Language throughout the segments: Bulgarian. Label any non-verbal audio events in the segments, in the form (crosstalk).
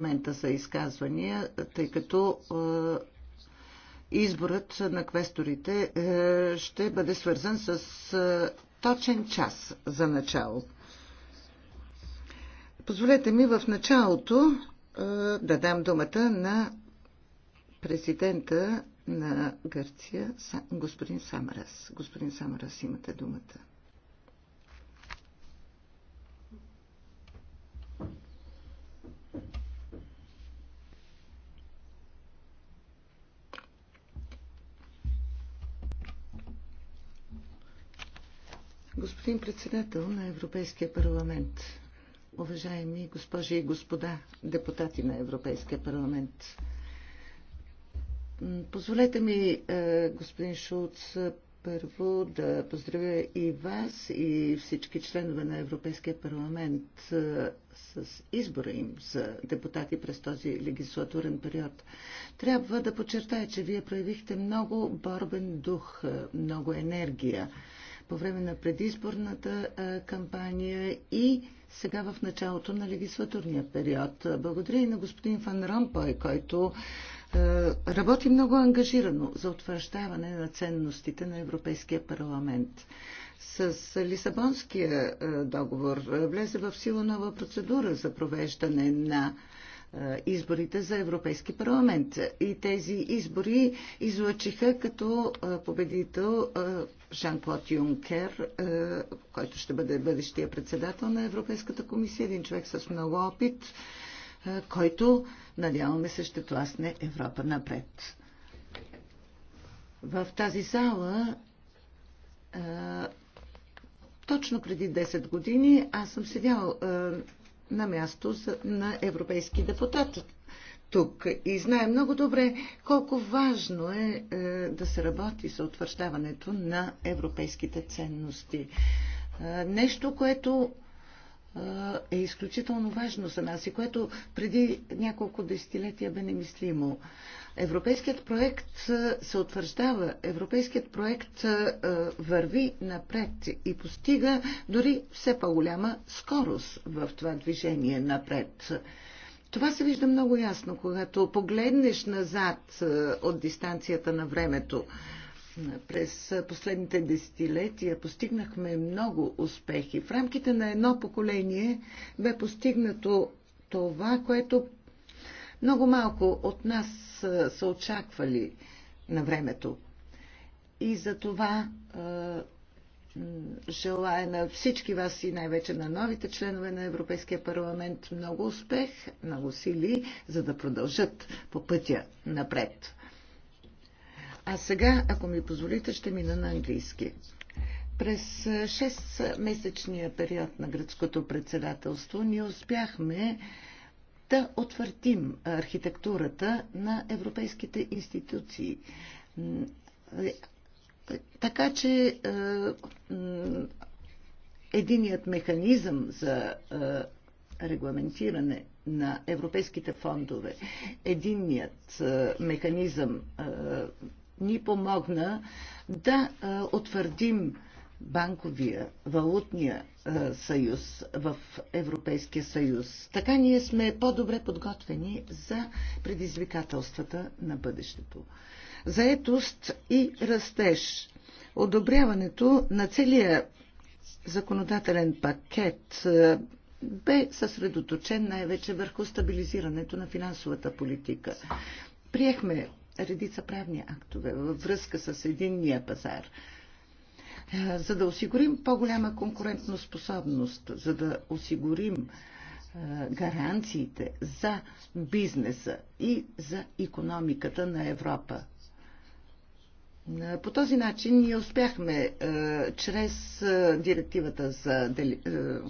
момента за изказвания, тъй като е, изборът на квесторите е, ще бъде свързан с е, точен час за начало. Позволете ми в началото да дам думата на президента на Гърция, господин Самарас. Господин Самарас, имате думата. господин председател на Европейския парламент, уважаеми госпожи и господа депутати на Европейския парламент, позволете ми, е, господин Шулц, първо да поздравя и вас, и всички членове на Европейския парламент е, с избора им за депутати през този легислатурен период. Трябва да подчертая, че вие проявихте много борбен дух, е, много енергия по време на предизборната кампания и сега в началото на легислатурния период. Благодаря и на господин Фан Ромпой, който работи много ангажирано за утвърждаване на ценностите на Европейския парламент. С Лисабонския договор влезе в сила нова процедура за провеждане на изборите за Европейски парламент. И тези избори излъчиха като победител Жан-Клод Юнкер, който ще бъде бъдещия председател на Европейската комисия, един човек с много опит, който, надяваме се, ще тласне Европа напред. В тази зала точно преди 10 години аз съм седял на място на европейски депутат тук и знае много добре колко важно е, е да се работи за утвърждаването на европейските ценности. Е, нещо, което е изключително важно за нас и което преди няколко десетилетия бе немислимо. Европейският проект се утвърждава, европейският проект върви напред и постига дори все по-голяма скорост в това движение напред. Това се вижда много ясно, когато погледнеш назад от дистанцията на времето. През последните десетилетия постигнахме много успехи. В рамките на едно поколение бе постигнато това, което много малко от нас са очаквали на времето. И за това желая на всички вас и най-вече на новите членове на Европейския парламент много успех, много сили, за да продължат по пътя напред. А сега, ако ми позволите, ще мина на английски. През 6-месечния период на гръцкото председателство ние успяхме да отвъртим архитектурата на европейските институции. Така че единият механизъм за регламентиране на европейските фондове, единният механизъм ни помогна да утвърдим банковия, валутния съюз в Европейския съюз. Така ние сме по-добре подготвени за предизвикателствата на бъдещето. Заетост и растеж. Одобряването на целия законодателен пакет бе съсредоточен най-вече върху стабилизирането на финансовата политика. Приехме редица правни актове във връзка с единния пазар. За да осигурим по-голяма конкурентна способност, за да осигурим гаранциите за бизнеса и за економиката на Европа. Е, по този начин ние успяхме е, чрез е, директивата за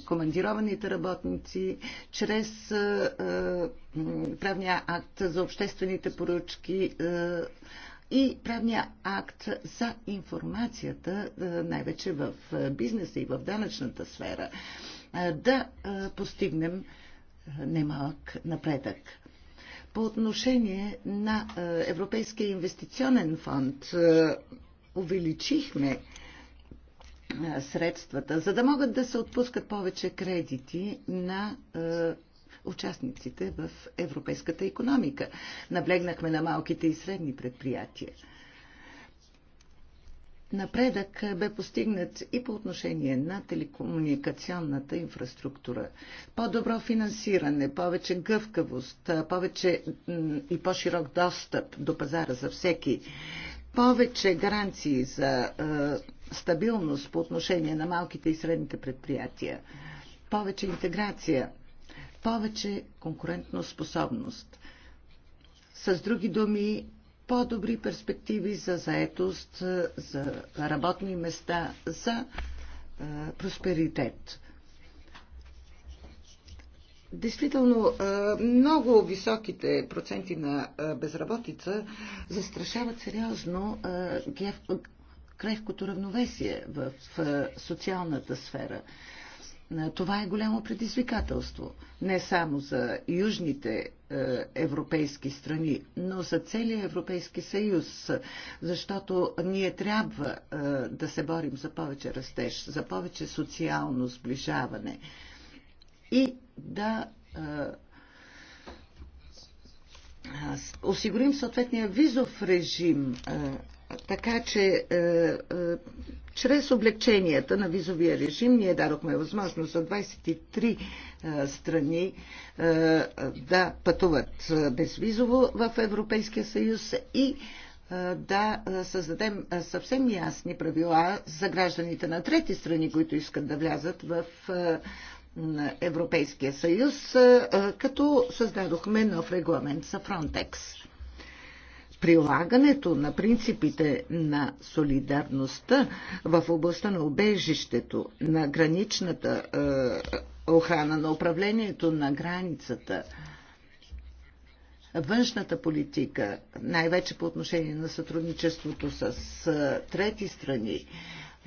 командированите работници, чрез правния акт за обществените поръчки и правния акт за информацията, най-вече в бизнеса и в данъчната сфера, да постигнем немалък напредък. По отношение на е, Европейския инвестиционен фонд е, увеличихме е, средствата, за да могат да се отпускат повече кредити на участниците в европейската економика. Наблегнахме на малките и средни предприятия. Напредък бе постигнат и по отношение на телекомуникационната инфраструктура. По-добро финансиране, повече гъвкавост, повече и по-широк достъп до пазара за всеки, повече гаранции за е, стабилност по отношение на малките и средните предприятия, повече интеграция, повече конкурентно способност. С други думи, по-добри перспективи за заетост, за работни места, за е, просперитет. Действително, е, много високите проценти на е, безработица застрашават сериозно крехкото равновесие в социалната сфера. Е, това е голямо предизвикателство не само за южните е, европейски страни, но за целия Европейски съюз, защото ние трябва е, да се борим за повече растеж, за повече социално сближаване и да осигурим съответния визов режим, така че чрез облегченията на визовия режим ние дадохме възможност за 23 е, страни е, да пътуват е, безвизово в Европейския съюз и да създадем съвсем ясни правила за гражданите на трети страни, които искат да влязат в Европейския съюз, като създадохме нов регламент за Фронтекс прилагането на принципите на солидарността в областта на убежището, на граничната е, охрана, на управлението на границата, външната политика, най-вече по отношение на сътрудничеството с е, трети страни,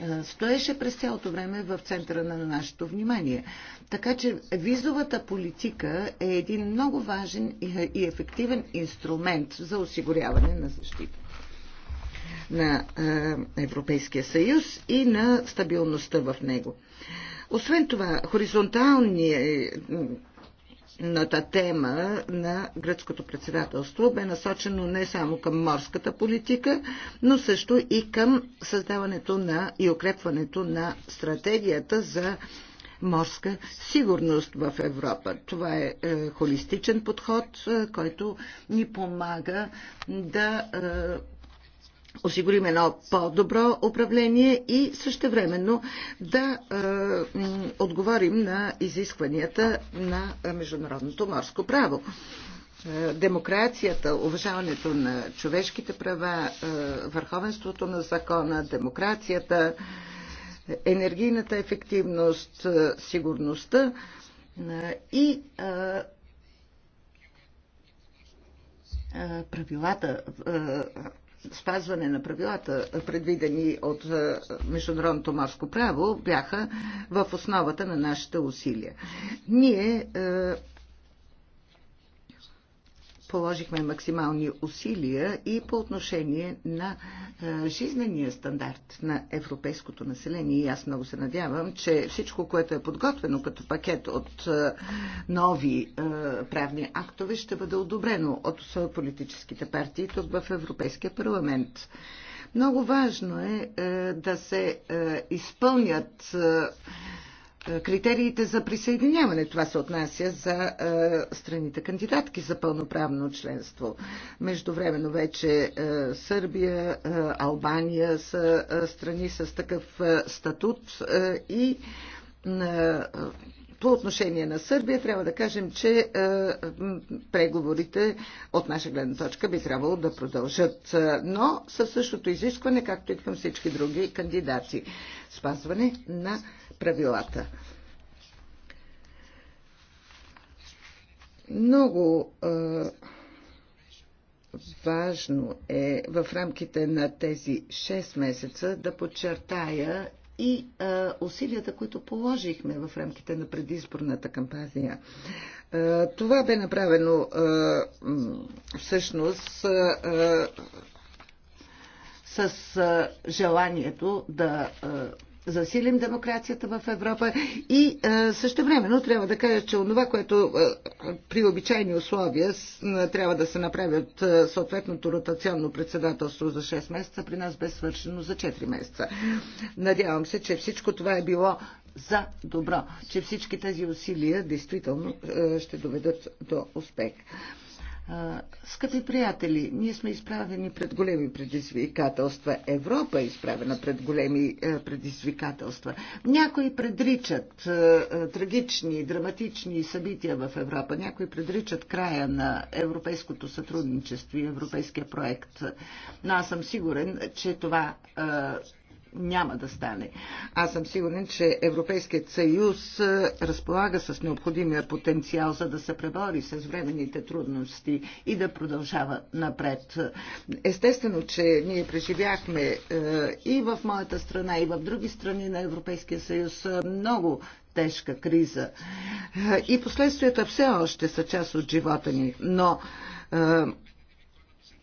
е, стоеше през цялото време в центъра на нашето внимание. Така че визовата политика е един много важен и ефективен инструмент за осигуряване на защита на е, Европейския съюз и на стабилността в него. Освен това, хоризонтални Основната тема на гръцкото председателство бе насочено не само към морската политика, но също и към създаването на и укрепването на стратегията за морска сигурност в Европа. Това е, е холистичен подход, е, който ни помага да е, осигурим едно по-добро управление и същевременно да е, отговорим на изискванията на международното морско право. Демокрацията, уважаването на човешките права, върховенството на закона, демокрацията, енергийната ефективност, сигурността и правилата спазване на правилата, предвидени от е, международното морско право, бяха в основата на нашите усилия. Ние е, положихме максимални усилия и по отношение на жизнения стандарт на европейското население. И аз много се надявам, че всичко, което е подготвено като пакет от нови правни актове, ще бъде одобрено от политическите партии тук в Европейския парламент. Много важно е, е да се е, изпълнят е, критериите за присъединяване. Това се отнася за е, страните кандидатки за пълноправно членство. Междувременно вече е, Сърбия, е, Албания са страни с такъв статут и по отношение на Сърбия трябва да кажем, че преговорите от наша гледна точка би трябвало да продължат, но със същото изискване, както и към всички други кандидати. Спазване на правилата. Много е, важно е в рамките на тези 6 месеца да подчертая и е, усилията, които положихме в рамките на предизборната кампания. Е, това бе направено е, всъщност. Е, с желанието да засилим демокрацията в Европа и е, също времено трябва да кажа, че онова, което е, при обичайни условия трябва да се направи от е, съответното ротационно председателство за 6 месеца, при нас бе свършено за 4 месеца. Надявам се, че всичко това е било за добро, че всички тези усилия действително ще доведат до успех. Скъпи приятели, ние сме изправени пред големи предизвикателства. Европа е изправена пред големи е, предизвикателства. Някои предричат е, е, трагични, драматични събития в Европа. Някои предричат края на европейското сътрудничество и европейския проект. Но аз съм сигурен, че това няма да стане. Аз съм сигурен, че Европейският съюз е, разполага с необходимия потенциал, за да се пребори с временните трудности и да продължава напред. Естествено, че ние преживяхме е, и в моята страна, и в други страни на Европейския съюз е, много тежка криза. И последствията все още са част от живота ни. Но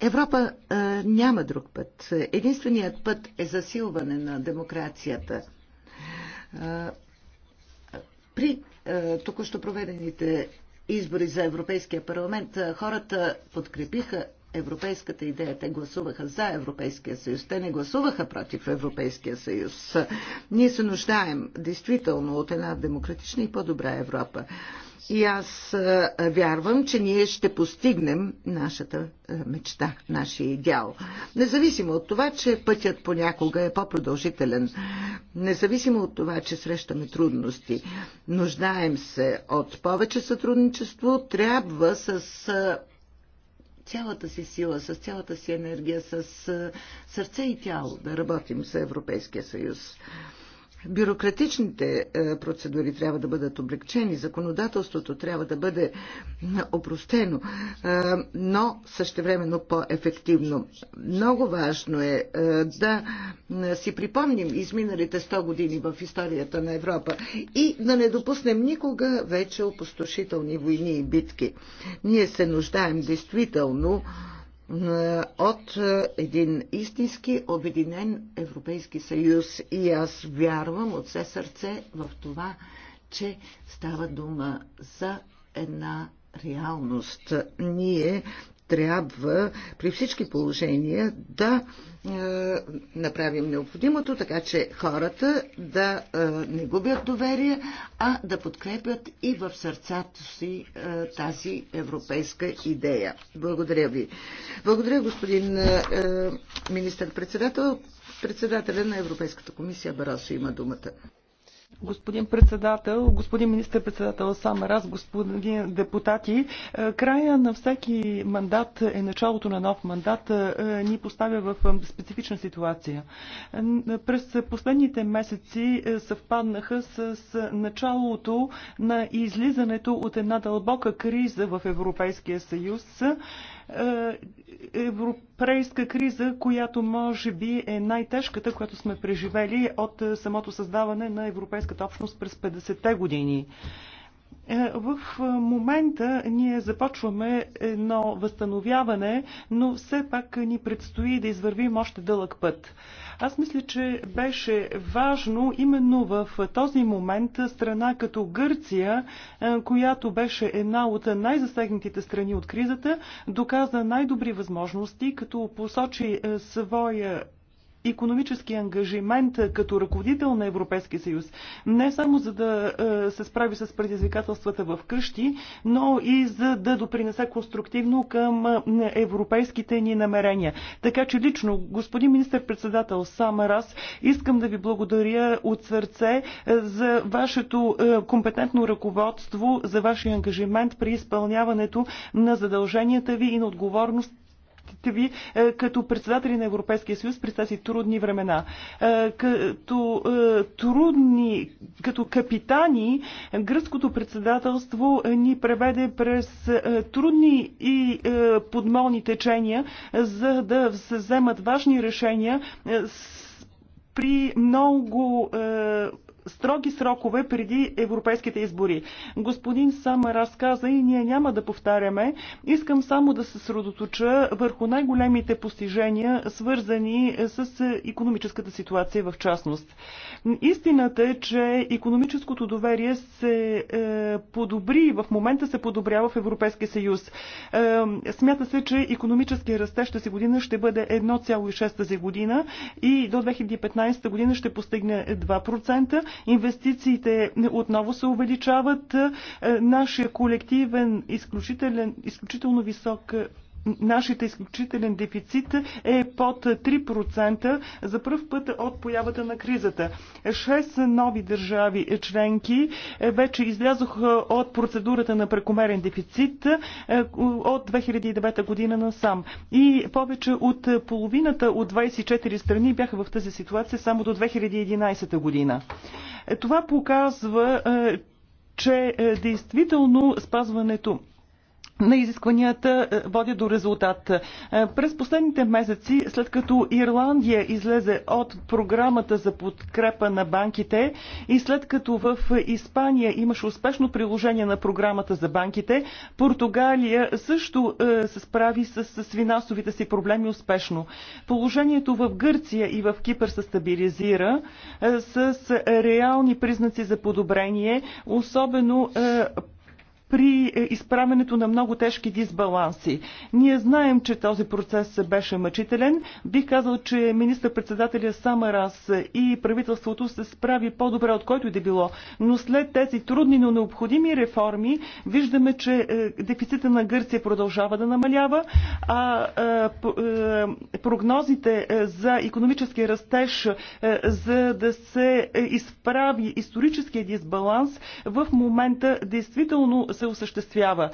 Европа а, няма друг път. Единственият път е засилване на демокрацията. А, при току-що проведените избори за Европейския парламент а, хората подкрепиха европейската идея. Те гласуваха за Европейския съюз. Те не гласуваха против Европейския съюз. Ние се нуждаем действително от една демократична и по-добра Европа. И аз вярвам, че ние ще постигнем нашата мечта, нашия идеал. Независимо от това, че пътят понякога е по-продължителен, независимо от това, че срещаме трудности, нуждаем се от повече сътрудничество, трябва с цялата си сила, с цялата си енергия, с сърце и тяло да работим с Европейския съюз бюрократичните е, процедури трябва да бъдат облегчени, законодателството трябва да бъде е, опростено, е, но същевременно по-ефективно. Много важно е да си припомним изминалите 100 години в историята на Европа и да не допуснем никога вече опустошителни войни и битки. Ние се нуждаем действително от е, един истински обединен Европейски съюз. И аз вярвам от все сърце в това, че става дума за една реалност. Ние трябва при всички положения да е, направим необходимото, така че хората да е, не губят доверие, а да подкрепят и в сърцата си е, тази европейска идея. Благодаря ви. Благодаря, господин е, министър-председател. Председателя на Европейската комисия Барасо има думата. Господин председател, господин министър-председател Самарас, господин депутати, е, края на всеки мандат е началото на нов мандат, е, ни поставя в е, специфична ситуация. През последните месеци съвпаднаха с началото на излизането от една дълбока криза в Европейския съюз. Е, европейска криза, която може би е най-тежката, която сме преживели от е, самото създаване на Европейската общност през 50-те години. Е, в момента ние започваме едно възстановяване, но все пак ни предстои да извървим още дълъг път. Аз мисля, че беше важно именно в този момент страна като Гърция, е, която беше една от най-засегнатите страни от кризата, доказа най-добри възможности, като посочи е, своя економически ангажимент като ръководител на Европейския съюз. Не само за да е, се справи с предизвикателствата в къщи, но и за да допринесе конструктивно към е, европейските ни намерения. Така че лично, господин министр-председател Самарас, искам да ви благодаря от сърце е, за вашето компетентно ръководство, за вашия ангажимент при изпълняването на задълженията ви и на отговорност контактите ви е, като председатели на Европейския съюз през тези трудни времена. Е, като е, трудни, като капитани, гръцкото председателство ни преведе през трудни и подмолни течения, за да се вземат важни решения при много строги срокове преди европейските избори. Господин Сама разказа и ние няма да повтаряме. Искам само да се средоточа върху най-големите постижения, свързани с економическата ситуация в частност. Истината е, че економическото доверие се е, подобри и в момента се подобрява в Европейския съюз. Е, смята се, че економическия растеж тази година ще бъде 1,6 тази година и до 2015 година ще постигне 2%. Инвестициите отново се увеличават. Е, нашия колективен изключителен, изключително висок нашите изключителен дефицит е под 3% за първ път от появата на кризата. Шест нови държави членки вече излязоха от процедурата на прекомерен дефицит е, от 2009 година насам. И повече от половината от 24 страни бяха в тази ситуация само до 2011 година. Е, това показва, е, че действително спазването на изискванията е, води до резултат. Е, през последните месеци, след като Ирландия излезе от програмата за подкрепа на банките и след като в Испания имаше успешно приложение на програмата за банките, Португалия също е, се справи с, с финансовите си проблеми успешно. Положението в Гърция и в Кипър се стабилизира с реални признаци за подобрение, особено при е, изправенето на много тежки дисбаланси. Ние знаем, че този процес беше мъчителен. Бих казал, че министър-председателя Самарас и правителството се справи по-добре от който и да било. Но след тези трудни, но необходими реформи, виждаме, че е, дефицита на Гърция продължава да намалява, а е, прогнозите за економически растеж, за да се изправи историческия дисбаланс, в момента действително се осъществява.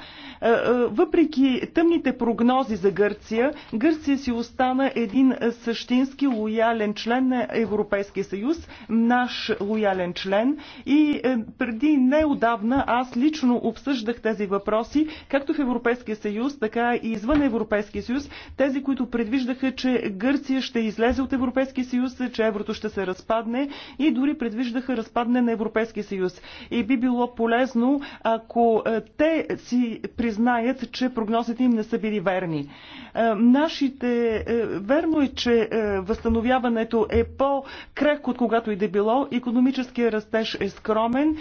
Е, е, въпреки тъмните прогнози за Гърция, Гърция си остана един същински лоялен член на Европейския съюз, наш лоялен член и е, преди неодавна аз лично обсъждах тези въпроси, както в Европейския съюз, така и извън Европейския съюз, тези, които предвиждаха, че Гърция ще излезе от Европейския съюз, че еврото ще се разпадне и дори предвиждаха разпадне на Европейския съюз. И би било полезно, ако е, те си признаят, че прогнозите им не са били верни. Е, нашите, е, верно е, че възстановяването е по-крехко от когато и да било, економическия растеж е скромен,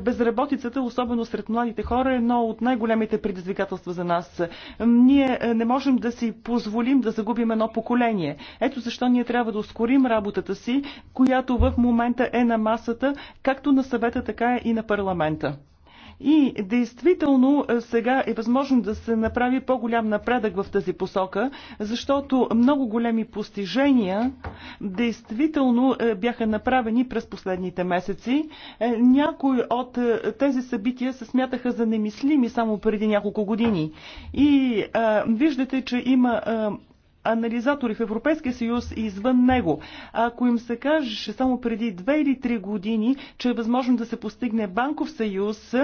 безработицата, особено сред младите хора, е едно от най-големите предизвикателства за нас. Ние не можем да си позволим да загубим едно поколение. Ето защо ние трябва да ускорим работата си, която в момента е на масата, както на съвета, така и на парламента. И действително е, сега е възможно да се направи по-голям напредък в тази посока, защото много големи постижения действително е, бяха направени през последните месеци. Е, някои от тези събития се смятаха за немислими само преди няколко години. И а, виждате, че има а, анализатори в Европейския съюз и извън него. Ако им се кажеше само преди две или три години, че е възможно да се постигне банков съюз,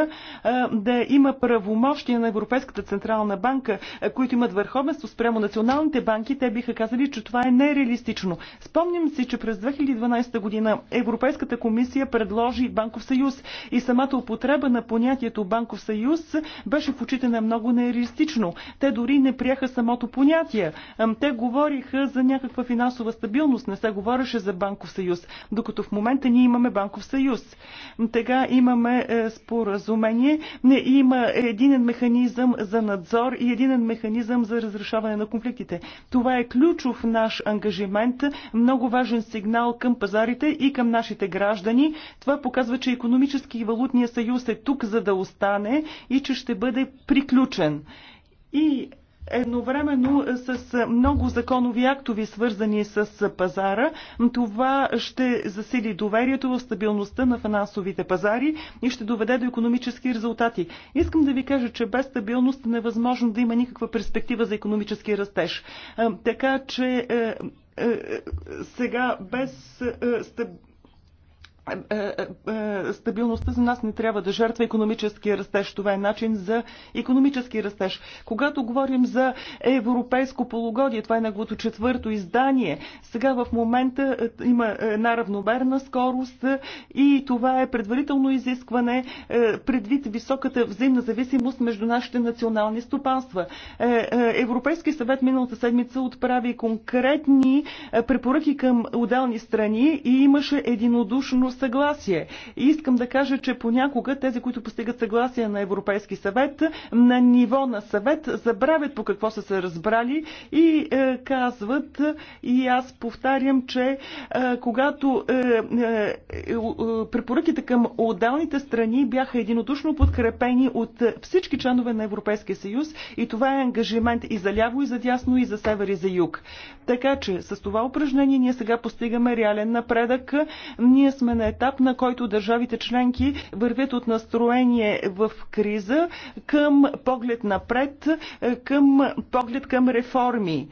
да има правомощия на Европейската централна банка, които имат върховенство спрямо националните банки, те биха казали, че това е нереалистично. Спомням си, че през 2012 година Европейската комисия предложи банков съюз и самата употреба на понятието банков съюз беше в очите на много нереалистично. Те дори не приеха самото понятие. Те говориха за някаква финансова стабилност, не се говореше за банков съюз, докато в момента ние имаме банков съюз. Тега имаме е, споразумение, не има единен механизъм за надзор и единен механизъм за разрешаване на конфликтите. Това е ключов наш ангажимент, много важен сигнал към пазарите и към нашите граждани. Това показва, че економически и валутния съюз е тук, за да остане и че ще бъде приключен. И едновременно с много законови актови, свързани с пазара. Това ще засили доверието в стабилността на финансовите пазари и ще доведе до економически резултати. Искам да ви кажа, че без стабилност невъзможно да има никаква перспектива за економически растеж. Е, така че е, е, сега без стабилност е, е, е, стабилността за нас не трябва да жертва економическия растеж. Това е начин за економически растеж. Когато говорим за европейско полугодие, това е неговото четвърто издание, сега в момента има една равномерна скорост и това е предварително изискване предвид високата взаимна зависимост между нашите национални стопанства. Европейски съвет миналата седмица отправи конкретни препоръки към отделни страни и имаше единодушно съгласие. И искам да кажа, че понякога тези, които постигат съгласие на Европейски съвет, на ниво на съвет, забравят по какво са се разбрали и е, казват, и аз повтарям, че е, когато е, е, препоръките към отдалните страни бяха единодушно подкрепени от всички членове на Европейския съюз и това е ангажимент и за ляво, и за дясно, и за север, и за юг. Така че с това упражнение ние сега постигаме реален напредък. Ние сме на етап, на който държавите членки вървят от настроение в криза към поглед напред, към поглед към реформи.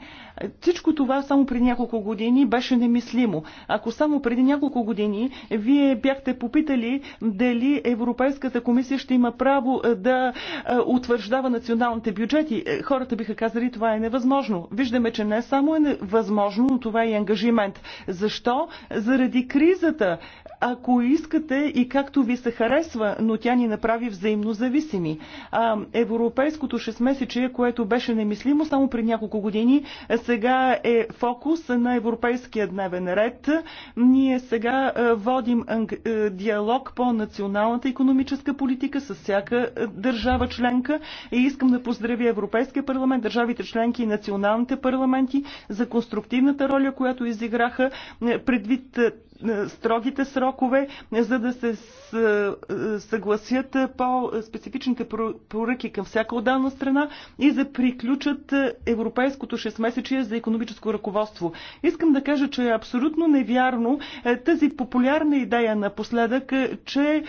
Всичко това само преди няколко години беше немислимо. Ако само преди няколко години вие бяхте попитали дали Европейската комисия ще има право е, да е, утвърждава националните бюджети, е, хората биха казали това е невъзможно. Виждаме, че не само е невъзможно, но това е и ангажимент. Защо? Заради кризата. Ако искате и както ви се харесва, но тя ни направи взаимно зависими. европейското 6 което беше немислимо само при няколко години, сега е фокус на европейския дневен ред. Ние сега е, водим е, диалог по националната економическа политика с всяка е, държава членка и искам да поздравя Европейския парламент, държавите членки и националните парламенти за конструктивната роля, която изиграха предвид е, строгите срокове, е, за да се е, съгласят по специфичните поръки към всяка отделна страна и да приключат европейското 6-месечие за економическо ръководство. Искам да кажа, че е абсолютно невярно тази популярна идея напоследък, че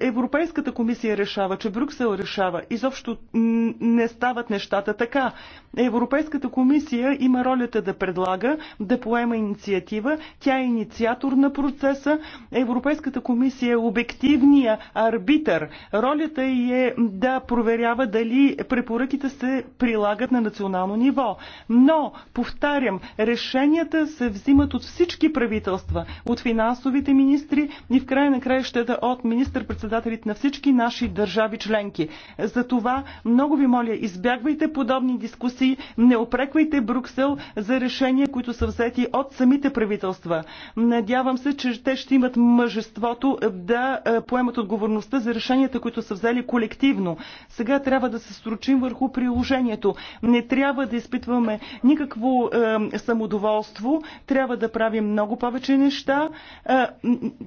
Европейската комисия решава, че Брюксел решава. Изобщо не стават нещата така. Европейската комисия има ролята да предлага, да поема инициатива. Тя е инициатор на процеса. Европейската комисия е обективния арбитър. Ролята й е да проверява дали препоръките се прилагат на национално ниво. Но, повтарям, решенията се взимат от всички правителства, от финансовите министри и в края на краищата от министър-председателите на всички наши държави членки. За това много ви моля, избягвайте подобни дискусии, не опреквайте Брюксел за решения, които са взети от самите правителства. Надявам се, че те ще имат мъжеството е, да е, поемат отговорността за решенията, които са взели колективно. Сега трябва да се строчим върху приложението. Не трябва да изпитваме никакво е, самодоволство. Трябва да правим много повече неща. Е,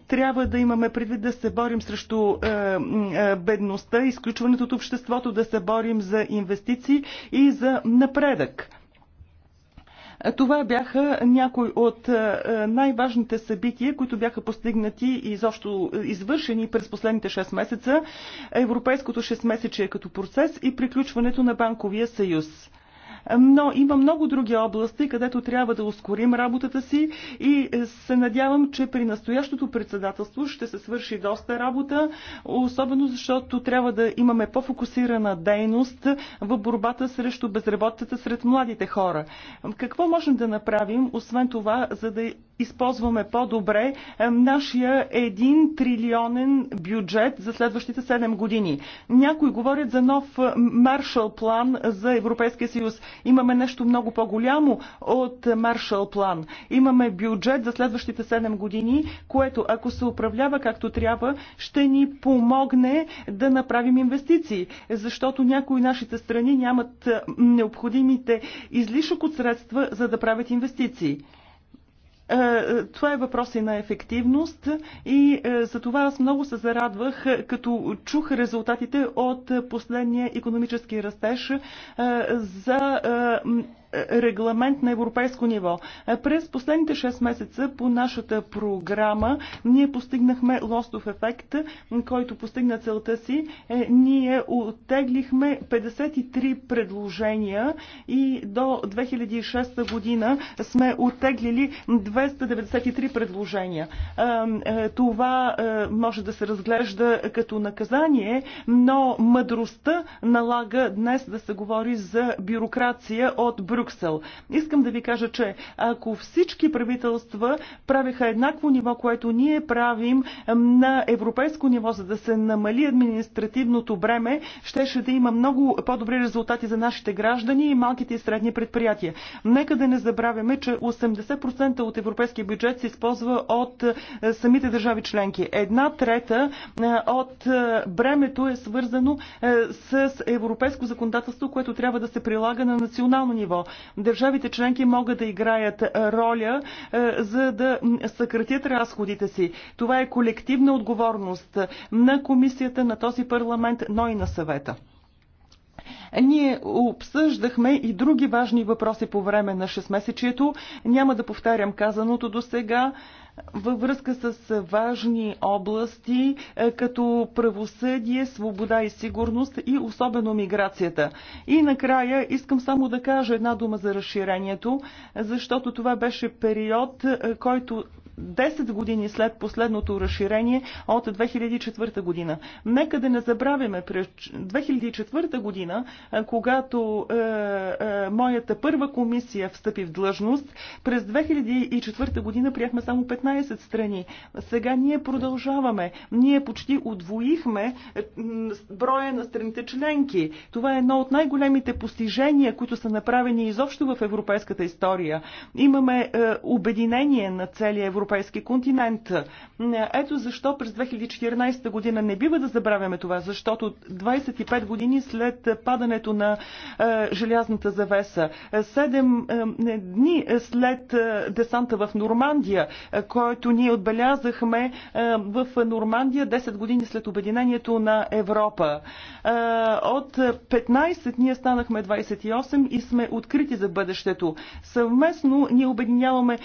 трябва да имаме предвид да се борим срещу е, е, бедността, изключването от обществото, да се борим за инвестиции и за напредък. Това бяха някои от е, най-важните събития, които бяха постигнати и изобщо е, извършени през последните 6 месеца. Европейското 6 месече като процес и приключването на банковия съюз но има много други области, където трябва да ускорим работата си и се надявам, че при настоящото председателство ще се свърши доста работа, особено защото трябва да имаме по-фокусирана дейност в борбата срещу безработицата сред младите хора. Какво можем да направим, освен това, за да използваме по-добре е, нашия 1 трилионен бюджет за следващите 7 години. Някои говорят за нов маршал план за Европейския съюз. Имаме нещо много по-голямо от Маршал план. Имаме бюджет за следващите 7 години, което ако се управлява както трябва, ще ни помогне да направим инвестиции, защото някои нашите страни нямат необходимите излишък от средства, за да правят инвестиции. Е, това е въпрос и на ефективност и е, за това аз много се зарадвах, е, като чух резултатите от последния економически растеж за регламент на европейско ниво. През последните 6 месеца по нашата програма ние постигнахме лостов ефект, който постигна целта си. Е, ние оттеглихме 53 предложения и до 2006 година сме оттеглили 293 предложения. Е, е, това може да се разглежда като наказание, но мъдростта налага днес да се говори за бюрокрация от Брюксел Брюксел. Искам да ви кажа, че ако всички правителства правиха еднакво ниво, което ние правим на европейско ниво, за да се намали административното бреме, щеше да има много по-добри резултати за нашите граждани и малките и средни предприятия. Нека да не забравяме, че 80% от европейския бюджет се използва от е, самите държави членки. Една трета е, от е, бремето е свързано с европейско законодателство, което трябва да се прилага на национално ниво. Държавите членки могат да играят роля, за да съкратят разходите си. Това е колективна отговорност на комисията, на този парламент, но и на съвета. Ние обсъждахме и други важни въпроси по време на 6-месечието. Няма да повтарям казаното до сега във връзка с важни области, като правосъдие, свобода и сигурност и особено миграцията. И накрая искам само да кажа една дума за разширението, защото това беше период, който 10 години след последното разширение от 2004 година. Нека да не забравяме, през 2004 година, когато е, е, моята първа комисия встъпи в длъжност, през 2004 година приехме само 15 страни. Сега ние продължаваме. Ние почти удвоихме е, броя на страните членки. Това е едно от най-големите постижения, които са направени изобщо в европейската история. Имаме е, обединение на целия европейски европейски континент. Ето защо през 2014 година не бива да забравяме това, защото 25 години след падането на е, желязната завеса, 7 е, дни след е, десанта в Нормандия, който ние отбелязахме в Нормандия 10 години след обединението на Европа. От 15 ние станахме 28 и сме открити за бъдещето. Съвместно ние обединяваме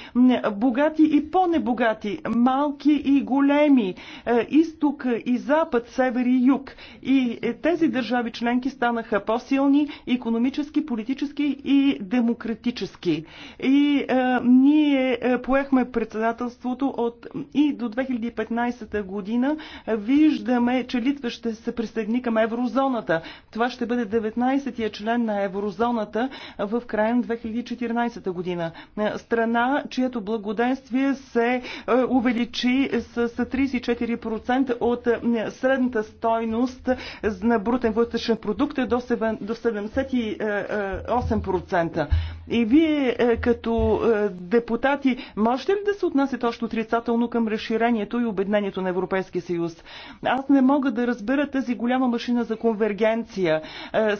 богати и по небогати, малки и големи, е, изток и запад, север и юг. И е, тези държави членки станаха по-силни економически, политически и демократически. И е, ние е, поехме председателството от и до 2015 година виждаме, че Литва ще се присъедини към еврозоната. Това ще бъде 19-я член на еврозоната в края на 2014 година. Страна, чието благоденствие се се е, увеличи с 34% от средната стойност на брутен вътрешен продукт е до 78%. И вие е, като депутати можете ли да се отнасяте още отрицателно към разширението и обеднението на Европейския съюз? Аз не мога да разбера тази голяма машина за конвергенция,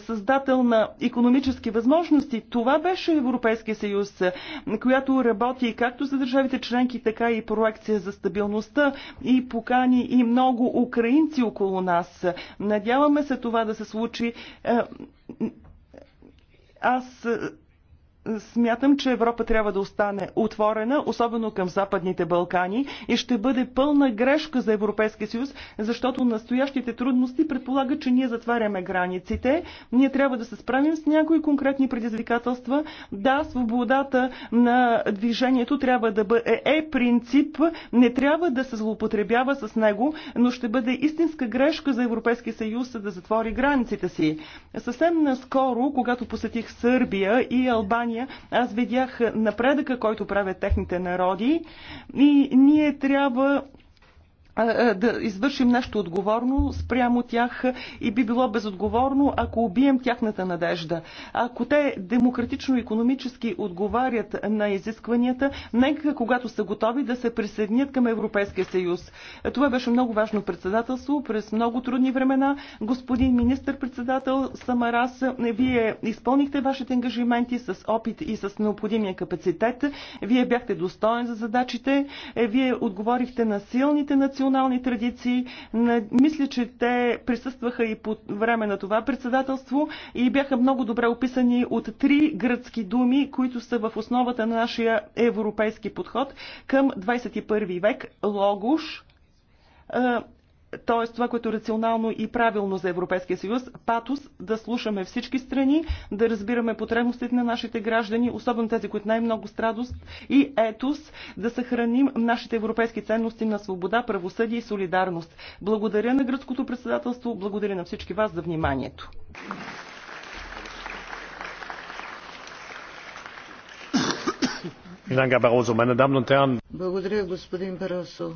създател на економически възможности. Това беше Европейския съюз, която работи както за държавите членки, така и проекция за стабилността и покани и много украинци около нас. Надяваме се това да се случи. Е, аз Смятам, че Европа трябва да остане отворена, особено към Западните Балкани и ще бъде пълна грешка за Европейския съюз, защото настоящите трудности предполагат, че ние затваряме границите. Ние трябва да се справим с някои конкретни предизвикателства. Да, свободата на движението трябва да бъде е принцип, не трябва да се злоупотребява с него, но ще бъде истинска грешка за Европейския съюз да затвори границите си. Съвсем наскоро, когато посетих Сърбия и Албания, Германия, аз видях напредъка, който правят техните народи и ние трябва да извършим нещо отговорно спрямо тях и би било безотговорно, ако убием тяхната надежда. Ако те демократично-економически отговарят на изискванията, нека когато са готови да се присъединят към Европейския съюз. Това беше много важно председателство през много трудни времена. Господин министр-председател Самарас, вие изпълнихте вашите ангажименти с опит и с необходимия капацитет. Вие бяхте достоен за задачите. Вие отговорихте на силните национални национални традиции. Мисля, че те присъстваха и по време на това председателство и бяха много добре описани от три гръцки думи, които са в основата на нашия европейски подход към 21 век – логуш, т.е. това, което е рационално и правилно за Европейския съюз, патос, да слушаме всички страни, да разбираме потребностите на нашите граждани, особено тези, които най-много страдост и етос, да съхраним нашите европейски ценности на свобода, правосъдие и солидарност. Благодаря на гръцкото председателство, благодаря на всички вас за вниманието. Благодаря, господин Барасо.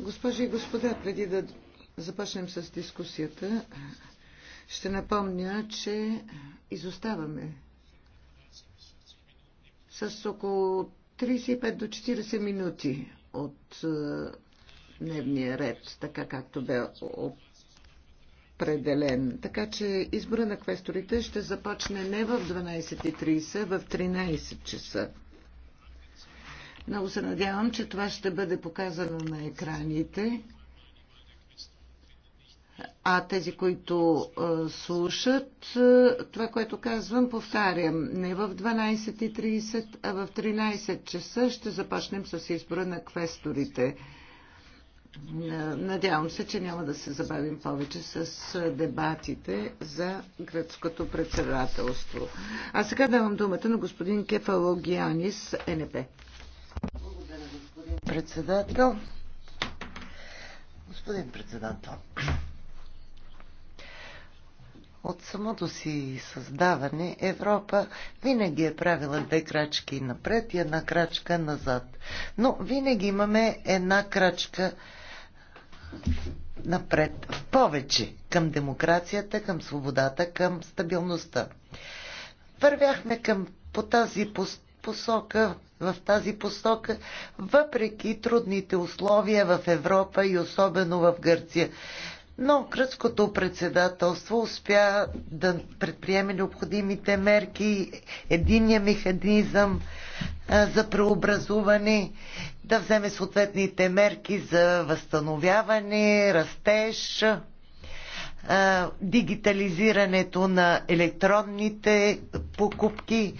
Госпожи и господа, преди да започнем с дискусията, ще напомня, че изоставаме с около 35 до 40 минути от е, дневния ред, така както бе определен. Така че избора на квесторите ще започне не в 12.30, в 13 часа. Много се надявам, че това ще бъде показано на екраните. А тези, които а, слушат, а, това, което казвам, повтарям, не в 12.30, а в 13 часа ще започнем с избора на квесторите. Надявам се, че няма да се забавим повече с дебатите за гръцкото председателство. А сега давам думата на господин Кефалогианис, е НП. Благодаря, господин председател. Господин председател, от самото си създаване Европа винаги е правила две крачки напред и една крачка назад. Но винаги имаме една крачка напред повече към демокрацията, към свободата, към стабилността. Вървяхме към по тази пост посока, в тази посока, въпреки трудните условия в Европа и особено в Гърция. Но кръцкото председателство успя да предприеме необходимите мерки, единия механизъм за преобразуване, да вземе съответните мерки за възстановяване, растеж, дигитализирането на електронните покупки,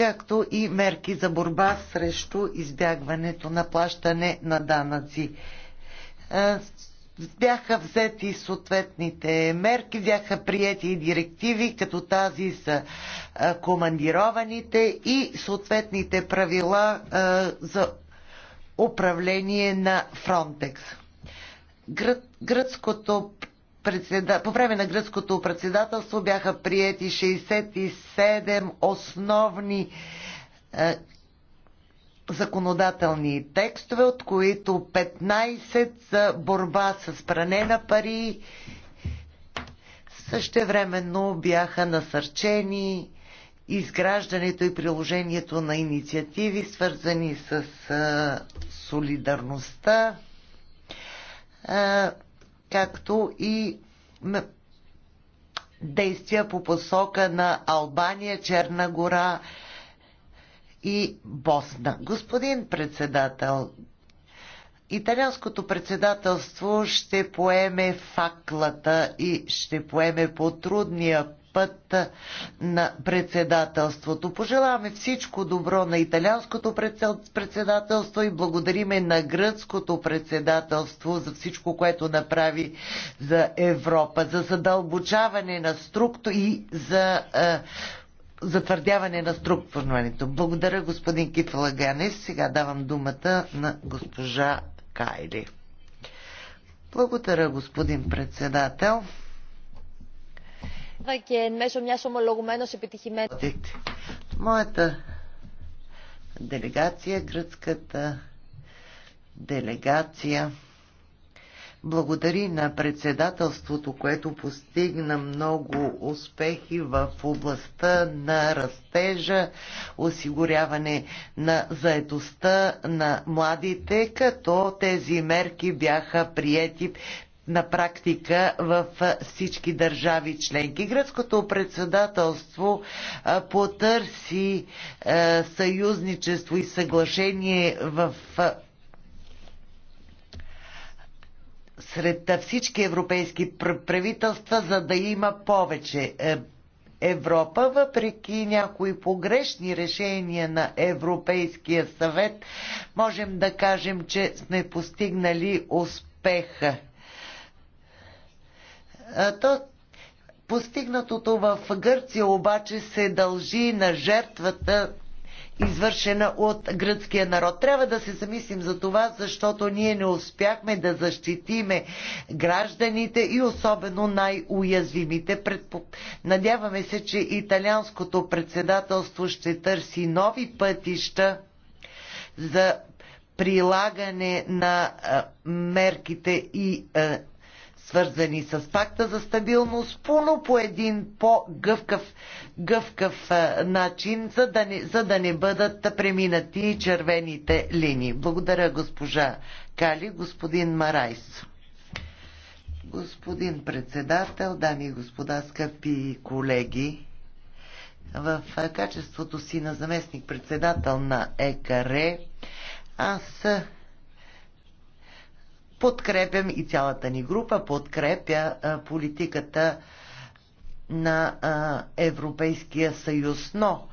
както и мерки за борба срещу избягването на плащане на данъци. Бяха взети съответните мерки, бяха приети и директиви, като тази са командированите и съответните правила за управление на Фронтекс. Гръцкото по време на гръцкото председателство бяха приети 67 основни е, законодателни текстове, от които 15 за борба с пране на пари. Същевременно бяха насърчени изграждането и приложението на инициативи, свързани с е, солидарността. Е, както и действия по посока на Албания, Черна гора и Босна. Господин председател, Италианското председателство ще поеме факлата и ще поеме по трудния път на председателството. Пожелаваме всичко добро на италианското председателство и благодариме на гръцкото председателство за всичко, което направи за Европа, за задълбочаване на структу и за е, затвърдяване на структурването. Благодаря, господин Кифалаганес. Сега давам думата на госпожа Кайли. Благодаря, господин председател και εν μέσω μιας ομολογουμένως επιτυχημένης... Моята делегация, гръцката делегация, благодари на председателството, което постигна много успехи в областта на растежа, осигуряване на заедостта на младите, като тези мерки бяха приети на практика в всички държави членки. Гръцкото председателство потърси съюзничество и съглашение в сред всички европейски правителства, за да има повече е, Европа, въпреки някои погрешни решения на Европейския съвет, можем да кажем, че сме постигнали успеха то, постигнатото в Гърция обаче се дължи на жертвата извършена от гръцкия народ. Трябва да се замислим за това, защото ние не успяхме да защитиме гражданите и особено най-уязвимите. Надяваме се, че италианското председателство ще търси нови пътища за прилагане на мерките и свързани с пакта за стабилност, поно по един по-гъвкав гъвкав, начин, за да, не, за да не бъдат преминати червените линии. Благодаря госпожа Кали, господин Марайс. Господин председател, дами и господа, скъпи колеги, в качеството си на заместник председател на ЕКР, аз подкрепям и цялата ни група подкрепя политиката на Европейския съюз. Но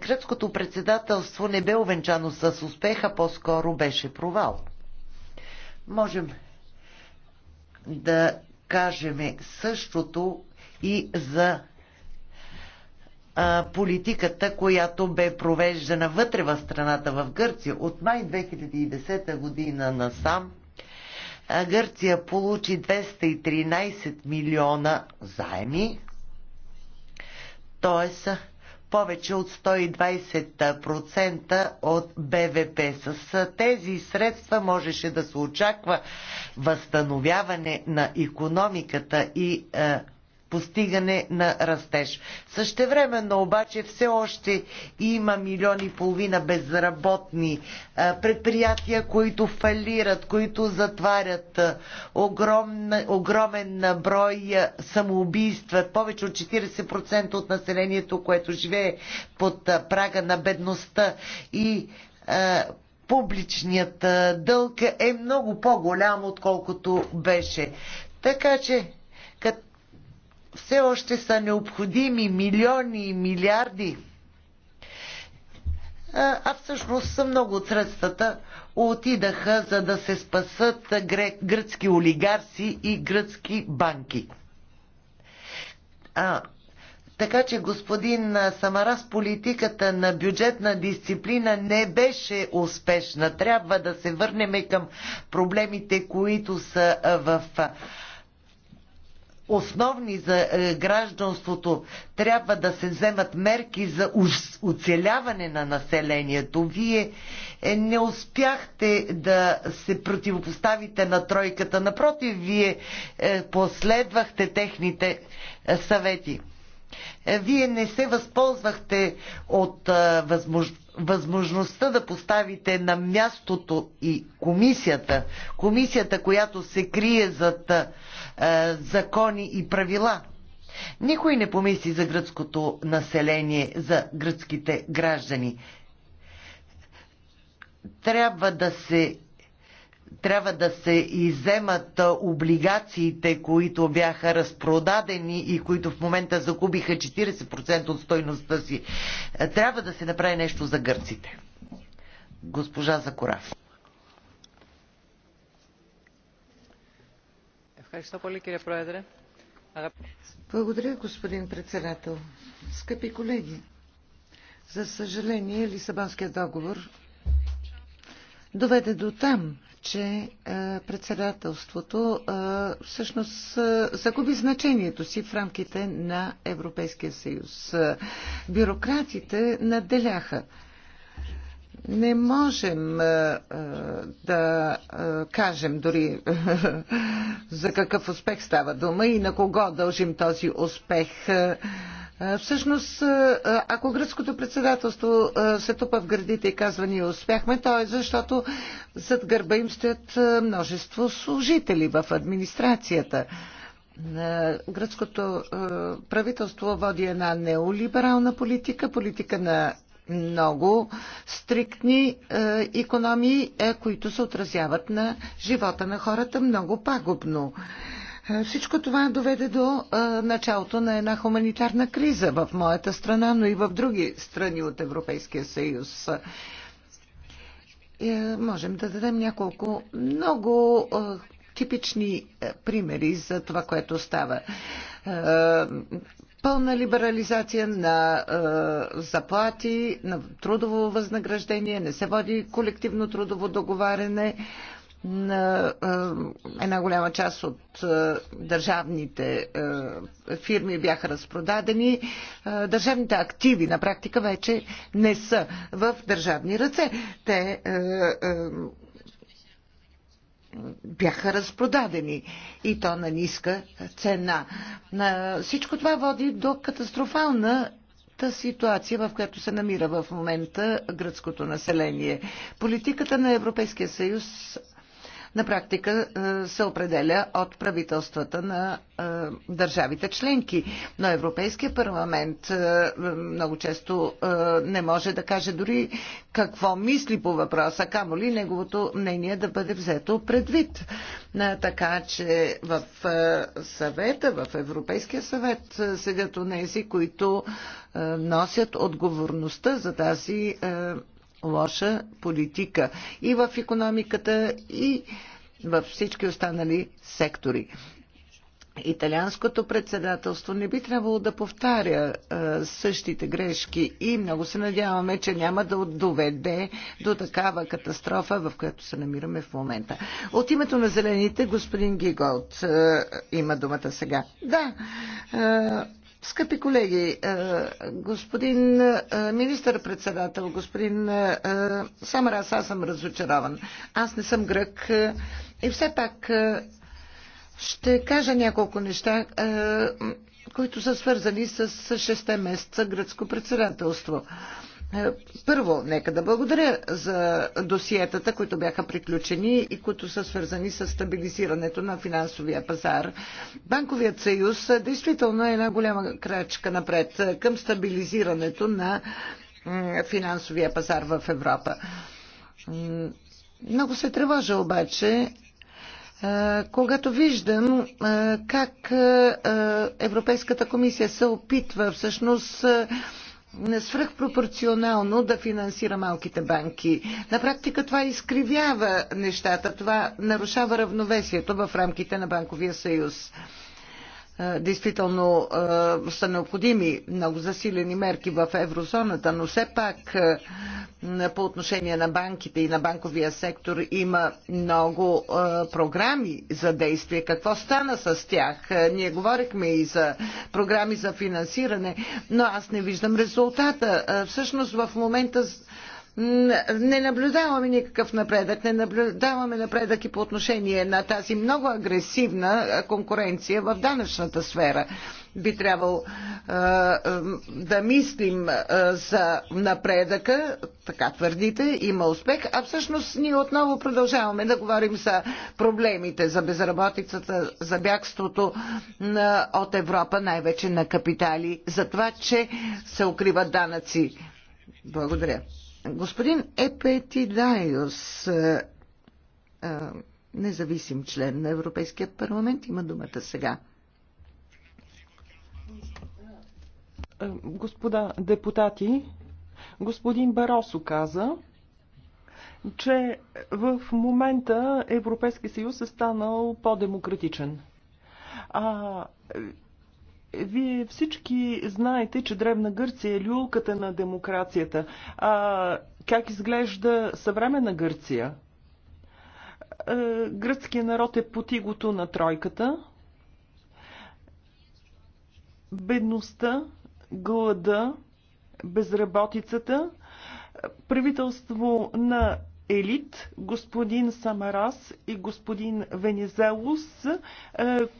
кръцкото е, председателство не бе овенчано с успеха, по-скоро беше провал. Можем да кажем същото и за политиката, която бе провеждана вътре в страната в Гърция от май 2010 година насам Гърция получи 213 милиона заеми, т.е. повече от 120% от БВП. С тези средства можеше да се очаква възстановяване на економиката и е, постигане на растеж. Същевременно обаче все още има милиони и половина безработни предприятия, които фалират, които затварят огромен, огромен брой самоубийства. Повече от 40% от населението, което живее под прага на бедността и публичният дълг е много по-голям, отколкото беше. Така че все още са необходими милиони и милиарди, а всъщност много от средствата отидаха за да се спасат гръцки олигарси и гръцки банки. А, така че, господин Самарас, политиката на бюджетна дисциплина не беше успешна. Трябва да се върнем към проблемите, които са в основни за е, гражданството. Трябва да се вземат мерки за оцеляване на населението. Вие е, не успяхте да се противопоставите на тройката. Напротив, вие е, последвахте техните съвети. Вие не се възползвахте от възможността възможността да поставите на мястото и комисията, комисията, която се крие зад е, закони и правила. Никой не помисли за гръцкото население, за гръцките граждани. Трябва да се трябва да се иземат облигациите, които бяха разпродадени и които в момента загубиха 40% от стойността си. Е, трябва да се направи нещо за гърците. Госпожа Закорав. Благодаря, господин председател. Скъпи колеги, за съжаление Лисабонският договор доведе до там, че е, председателството е, всъщност е, загуби значението си в рамките на Европейския съюз. Бюрократите наделяха не можем да кажем дори (laughs) за какъв успех става дума и на кого дължим този успех. Всъщност, ако гръцкото председателство се тупа в градите и казва ние успяхме, то е защото зад гърба им стоят множество служители в администрацията. Гръцкото правителство води една неолиберална политика, политика на много стриктни економии, е, които се отразяват на живота на хората много пагубно. Е, всичко това доведе до е, началото на една хуманитарна криза в моята страна, но и в други страни от Европейския съюз можем да дадем няколко много типични примери за това, което става пълна либерализация на е, заплати, на трудово възнаграждение, не се води колективно трудово договаряне. На, е, една голяма част от е, държавните е, фирми бяха разпродадени. Е, държавните активи на практика вече не са в държавни ръце. Те е, е, бяха разпродадени и то на ниска цена. На всичко това води до катастрофална ситуация, в която се намира в момента гръцкото население. Политиката на Европейския съюз на практика е, се определя от правителствата на е, държавите членки. Но Европейския парламент е, много често не може да каже дори какво мисли по въпроса, камо ли неговото мнение да бъде взето предвид. Така че в съвета, в Европейския съвет седят онези, които носят отговорността за тази лоша политика и в економиката, и във всички останали сектори. Италианското председателство не би трябвало да повтаря а, същите грешки и много се надяваме, че няма да доведе до такава катастрофа, в която се намираме в момента. От името на зелените господин Гиголд има думата сега. Да, Скъпи колеги, е, господин е, министър-председател, господин е, Самарас, аз съм разочарован. Аз не съм грък и все пак ще кажа няколко неща, които са свързани с 6 месеца гръцко председателство. Е, първо, нека да благодаря за досиетата, които бяха приключени и които са свързани с стабилизирането на финансовия пазар. Банковият съюз е, действително е една голяма крачка напред е, към стабилизирането на финансовия пазар в Европа. Много се тревожа обаче когато виждам как Европейската комисия се опитва всъщност свръхпропорционално да финансира малките банки. На практика това изкривява нещата, това нарушава равновесието в рамките на Банковия съюз. Е, действително е, са необходими много засилени мерки в еврозоната, но все пак е, по отношение на банките и на банковия сектор има много програми за действие. Какво стана с тях? Ние говорихме и за програми за финансиране, но аз не виждам резултата. Всъщност в момента не наблюдаваме никакъв напредък. Не наблюдаваме напредък и по отношение на тази много агресивна конкуренция в данъчната сфера. Би трябвало е, да мислим е, за напредъка, така твърдите, има успех, а всъщност ние отново продължаваме да говорим за проблемите, за безработицата, за бягството на, от Европа, най-вече на капитали, за това, че се укриват данъци. Благодаря. Господин Епетидайос, е, е, независим член на Европейския парламент, има думата сега. Е, господа депутати, господин Баросо каза, че в момента Европейски съюз е станал по-демократичен. А вие всички знаете, че Древна Гърция е люлката на демокрацията. А, как изглежда съвременна Гърция? А, гръцкият народ е потигото на тройката. Бедността, глада, безработицата, правителство на елит, господин Самарас и господин Венезелус, е,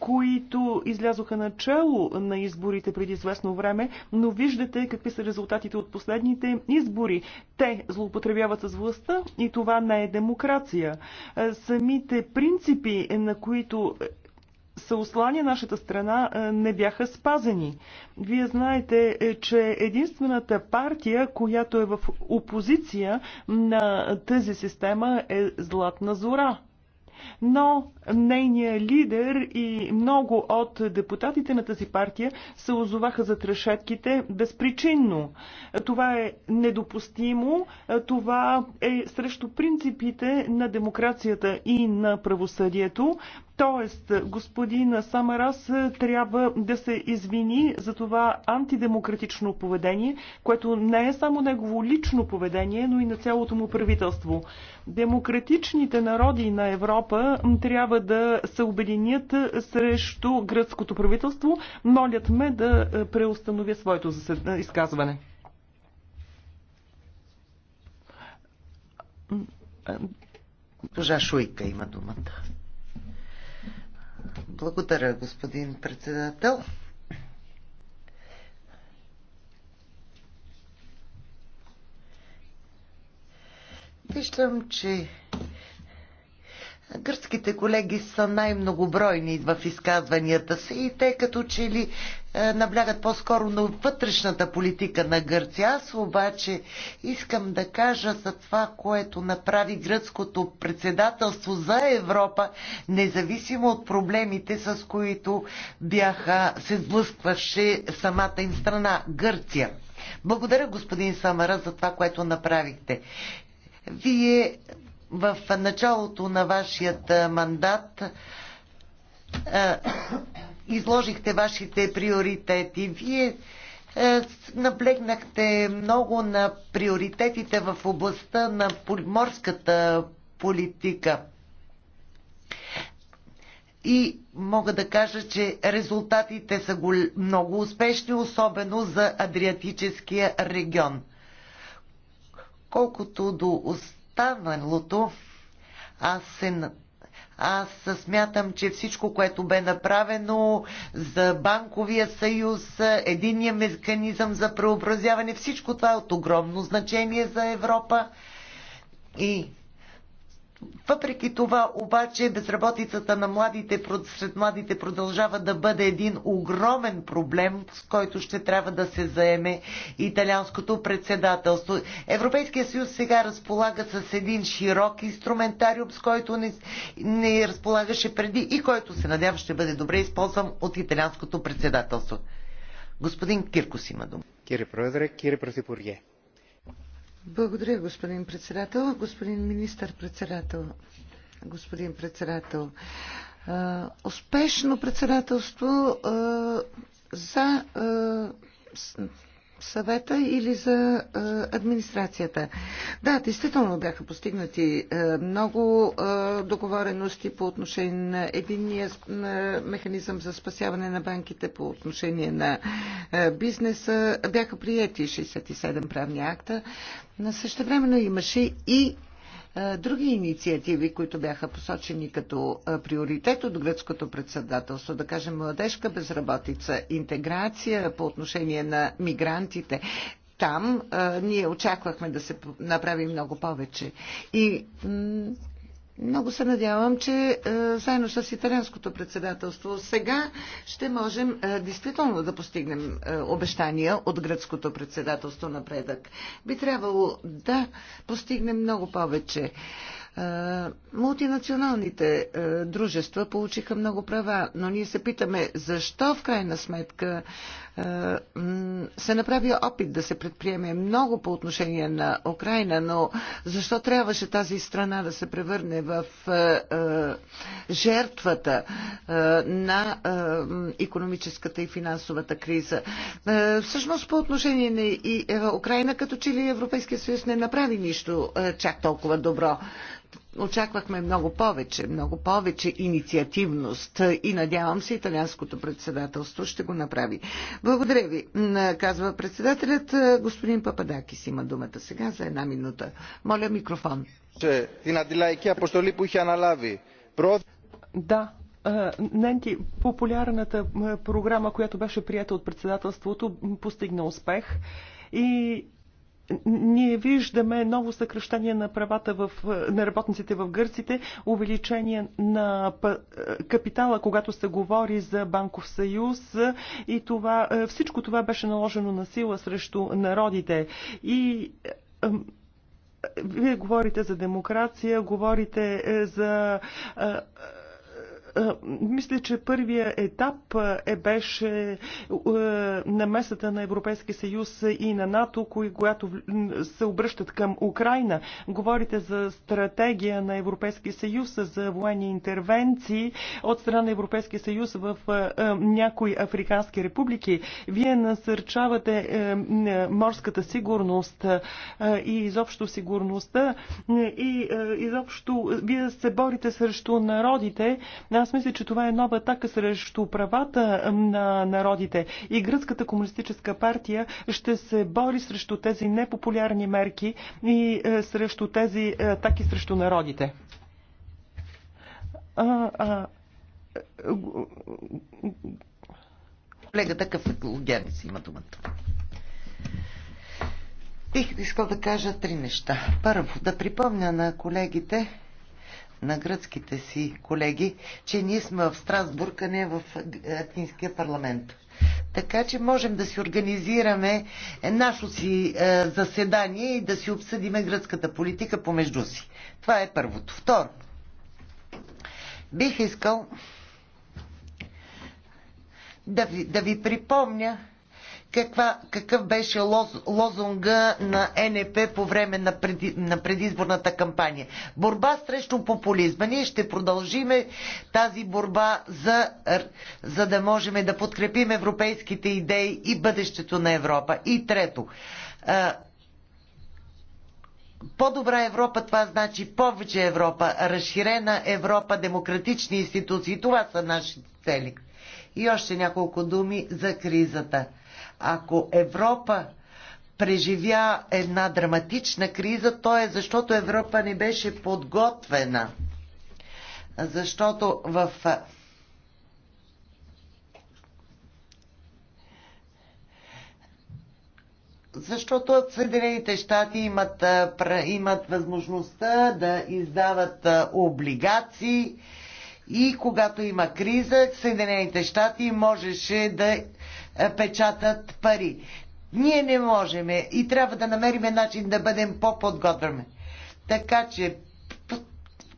които излязоха начало на изборите преди известно време, но виждате какви са резултатите от последните избори. Те злоупотребяват с властта и това не е демокрация. Е, самите принципи, на които съуслания нашата страна е, не бяха спазени. Вие знаете, е, че единствената партия, която е в опозиция на тази система е Златна Зора. Но нейният лидер и много от депутатите на тази партия се озоваха за трешетките безпричинно. Това е недопустимо, това е срещу принципите на демокрацията и на правосъдието. Тоест, господин Самарас е, трябва да се извини за това антидемократично поведение, което не е само негово лично поведение, но и на цялото му правителство. Демократичните народи на Европа трябва да се обединят е, срещу гръцкото правителство. Молят ме да е, преустановя своето изказване. Госпожа Шуйка има думата. Благодаря, господин председател. Виждам, че Гръцките колеги са най-многобройни в изказванията си и те като че ли е, наблягат по-скоро на вътрешната политика на Гърция. Аз обаче искам да кажа за това, което направи гръцкото председателство за Европа, независимо от проблемите, с които бяха, се сблъскваше самата им страна Гърция. Благодаря, господин Самара, за това, което направихте. Вие в началото на вашият мандат изложихте вашите приоритети. Вие наблегнахте много на приоритетите в областта на морската политика. И мога да кажа, че резултатите са много успешни, особено за Адриатическия регион. Колкото до представеното, аз се аз смятам, че всичко, което бе направено за банковия съюз, единия механизъм за преобразяване, всичко това е от огромно значение за Европа. И въпреки това обаче безработицата на младите, сред младите продължава да бъде един огромен проблем, с който ще трябва да се заеме италианското председателство. Европейския съюз сега разполага с един широк инструментариум, с който не, не разполагаше преди и който се надява ще бъде добре използван от италианското председателство. Господин Киркос има дума. Кире Проедре, Кире Протипурге. Благодаря, господин председател. Господин министър-председател, господин председател, успешно председателство за съвета или за администрацията. Да, действително бяха постигнати много договорености по отношение на единния механизъм за спасяване на банките, по отношение на бизнеса. Бяха приети 67 правни акта. На същевременно имаше и е, други инициативи, които бяха посочени като е, приоритет от гръцкото председателство, да кажем младежка безработица, интеграция по отношение на мигрантите. Там а, е, ние очаквахме да се направи много повече. И много се надявам, че е, заедно с италианското председателство сега ще можем е, действително да постигнем е, обещания от гръцкото председателство напредък. Би трябвало да постигнем много повече. Е, мултинационалните е, дружества получиха много права, но ние се питаме защо в крайна сметка е, се направи опит да се предприеме много по отношение на Украина, но защо трябваше тази страна да се превърне в е, е, жертвата на економическата и финансовата криза? Всъщност по отношение на и Украина, като че ли Европейския съюз не направи нищо чак толкова добро очаквахме много повече, много повече инициативност и надявам се италианското председателство ще го направи. Благодаря ви, казва председателят. Господин Пападакис има думата сега за една минута. Моля микрофон. Да, Ненки, популярната програма, която беше прията от председателството, постигна успех и ние виждаме ново съкръщение на правата в, на работниците в Гърците, увеличение на капитала, когато се говори за банков съюз и това, е, всичко това беше наложено на сила срещу народите. И е, е, вие говорите за демокрация, говорите за е, мисля, че първия етап е, е беше е, намесата на Европейския съюз и на НАТО, която се обръщат към Украина. Говорите за стратегия на Европейския съюз за военни интервенции от страна на Европейския съюз в някои африкански републики. Вие насърчавате морската сигурност и изобщо сигурността и изобщо вие се борите срещу народите. Аз мисля, че това е нова атака срещу правата на народите. И Гръцката комунистическа партия ще се бори срещу тези непопулярни мерки и е, срещу тези атаки срещу народите. А, а, Колегата си има думата. Бих искал да кажа три неща. Първо, да припомня на колегите, на гръцките си колеги, че ние сме в Страсбург, а не в е, Атинския парламент. Така че можем да си организираме нашо си е, заседание и да си обсъдиме гръцката политика помежду си. Това е първото. Второ, бих искал да ви, да ви припомня каква, какъв беше лоз, лозунга на НП по време на, преди, на предизборната кампания. Борба срещу популизма. Ние ще продължиме тази борба, за, за да можем да подкрепим европейските идеи и бъдещето на Европа. И трето. По-добра Европа, това значи повече Европа, разширена Европа, демократични институции. Това са нашите цели. И още няколко думи за кризата. Ако Европа преживя една драматична криза, то е защото Европа не беше подготвена. Защото в защото Съединените щати имат, имат възможността да издават облигации и когато има криза, Съединените щати можеше да е, печатат пари. Ние не можем и трябва да намерим начин да бъдем по-подготвени. Така че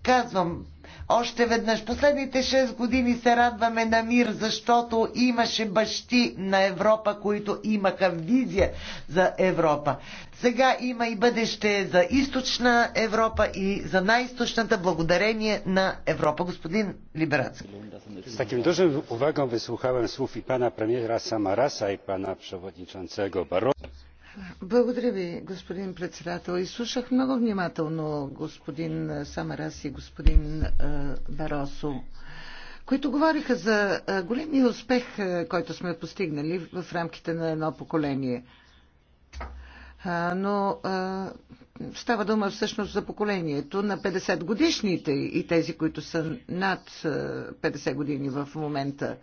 казвам, още веднъж последните 6 години се радваме на мир, защото имаше бащи на Европа, които имаха визия за Европа. Сега има и бъдеще за източна Европа и за най источната благодарение на Европа. Господин Либерацки. Z takim dużym uwagą wysłuchałem słów и пана premiera Самараса и пана przewodniczącego Барон. Благодаря ви, господин председател. Изслушах много внимателно господин Самарас и господин е, Баросо, които говориха за е, големия успех, е, който сме постигнали в рамките на едно поколение. Но става дума всъщност за поколението на 50 годишните и тези, които са над 50 години в момента.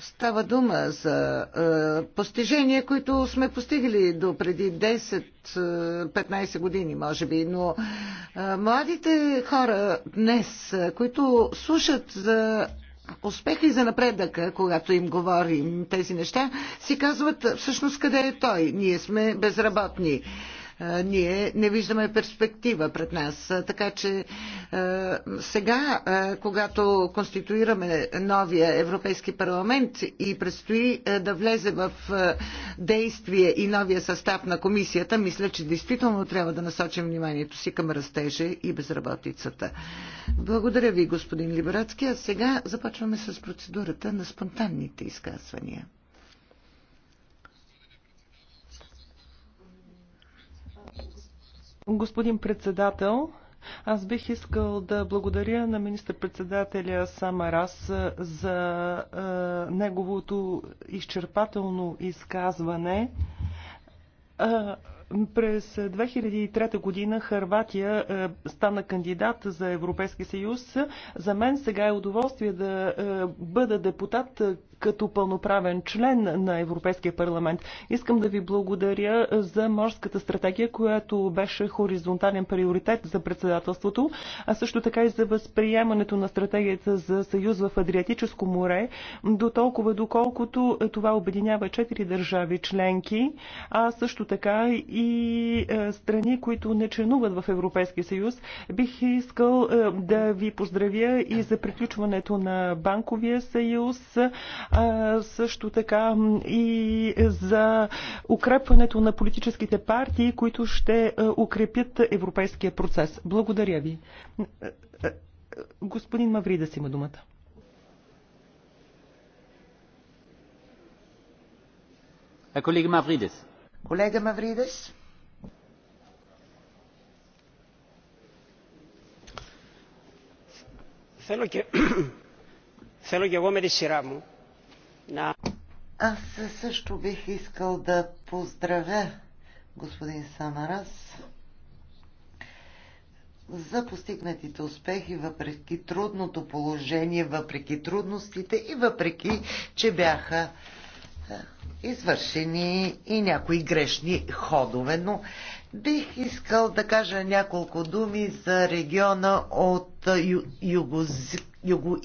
Става дума за е, постижения, които сме постигали до преди 10-15 е, години, може би, но е, младите хора днес, е, които слушат за успеха и за напредъка, когато им говорим тези неща, си казват всъщност къде е той. Ние сме безработни. Е, е, ние не виждаме перспектива пред нас. Е, така че е, сега, когато конституираме новия Европейски парламент и предстои да влезе в действие и новия състав на комисията, мисля, че действително трябва да насочим вниманието си към растежа и безработицата. Благодаря ви, господин Либерацки. А сега започваме с процедурата на спонтанните изказвания. Господин председател, аз бих искал да благодаря на министър-председателя Самарас за е, неговото изчерпателно изказване. Е, през 2003 година Харватия стана кандидат за Европейски съюз. За мен сега е удоволствие да бъда депутат, като пълноправен член на Европейския парламент. Искам да ви благодаря за морската стратегия, която беше хоризонтален приоритет за председателството, а също така и за възприемането на стратегията за съюз в Адриатическо море, до толкова доколкото това обединява четири държави членки, а също така и е, страни, които не членуват в Европейския съюз. Бих искал е, да ви поздравя и за приключването на Банковия съюз, също така и за укрепването на политическите партии, които ще укрепят европейския процес. Благодаря ви. Господин си има думата. Колега Мавридес. Колега Мавридес. Θέλω και, (coughs) θέλω και εγώ με τη σειρά μου да. Аз също бих искал да поздравя господин Самарас за постигнатите успехи, въпреки трудното положение, въпреки трудностите и въпреки, че бяха е, извършени и някои грешни ходове, но бих искал да кажа няколко думи за региона от юго-источна юго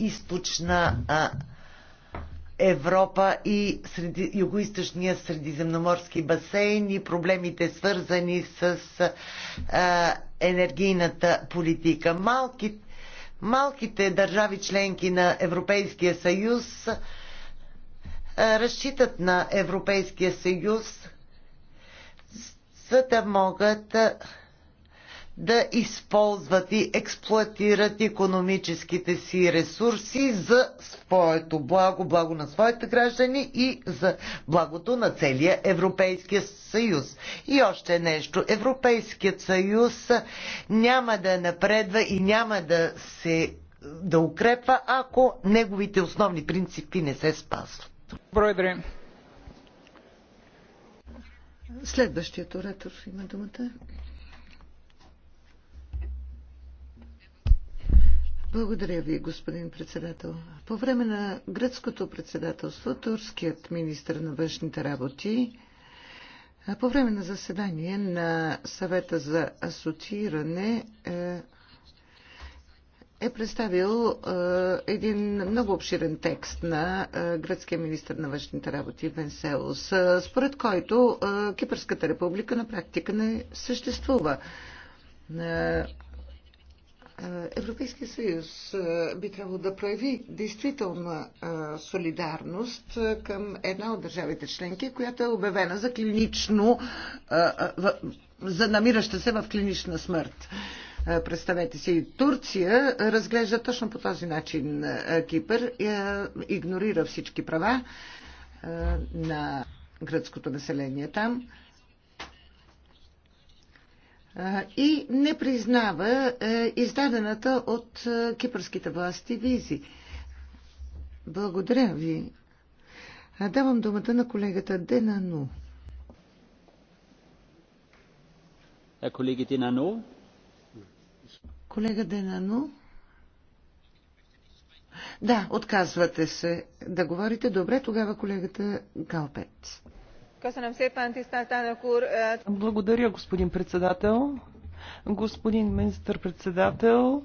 Европа и среди, Юго-Источния средиземноморски басейн и проблемите свързани с а, енергийната политика. Малки, малките държави членки на Европейския съюз а, разчитат на Европейския съюз, за да могат а, да използват и експлуатират економическите си ресурси за своето благо, благо на своите граждани и за благото на целия Европейския съюз. И още нещо. Европейският съюз няма да напредва и няма да се да укрепва, ако неговите основни принципи не се спазват. Благодаря. Следващият оратор има думата. Благодаря ви, господин председател. По време на гръцкото председателство, турският министр на външните работи по време на заседание на съвета за асоцииране е, е представил е, един много обширен текст на е, гръцкия министр на външните работи Венселос, според който Кипърската република на практика не съществува е, Европейския съюз е, би трябвало да прояви действителна е, солидарност към една от държавите членки, която е обявена за клинично, за намираща се в клинична смърт. Представете си, Турция разглежда точно по този начин Кипър, игнорира всички права на гръцкото население там и не признава е, издадената от е, кипърските власти визи. Благодаря ви. Давам думата на колегата Денану. Е, Колега Денану? Колега Денану? Да, отказвате се да говорите. Добре, тогава колегата Галпец. Благодаря, господин председател. Господин министър-председател,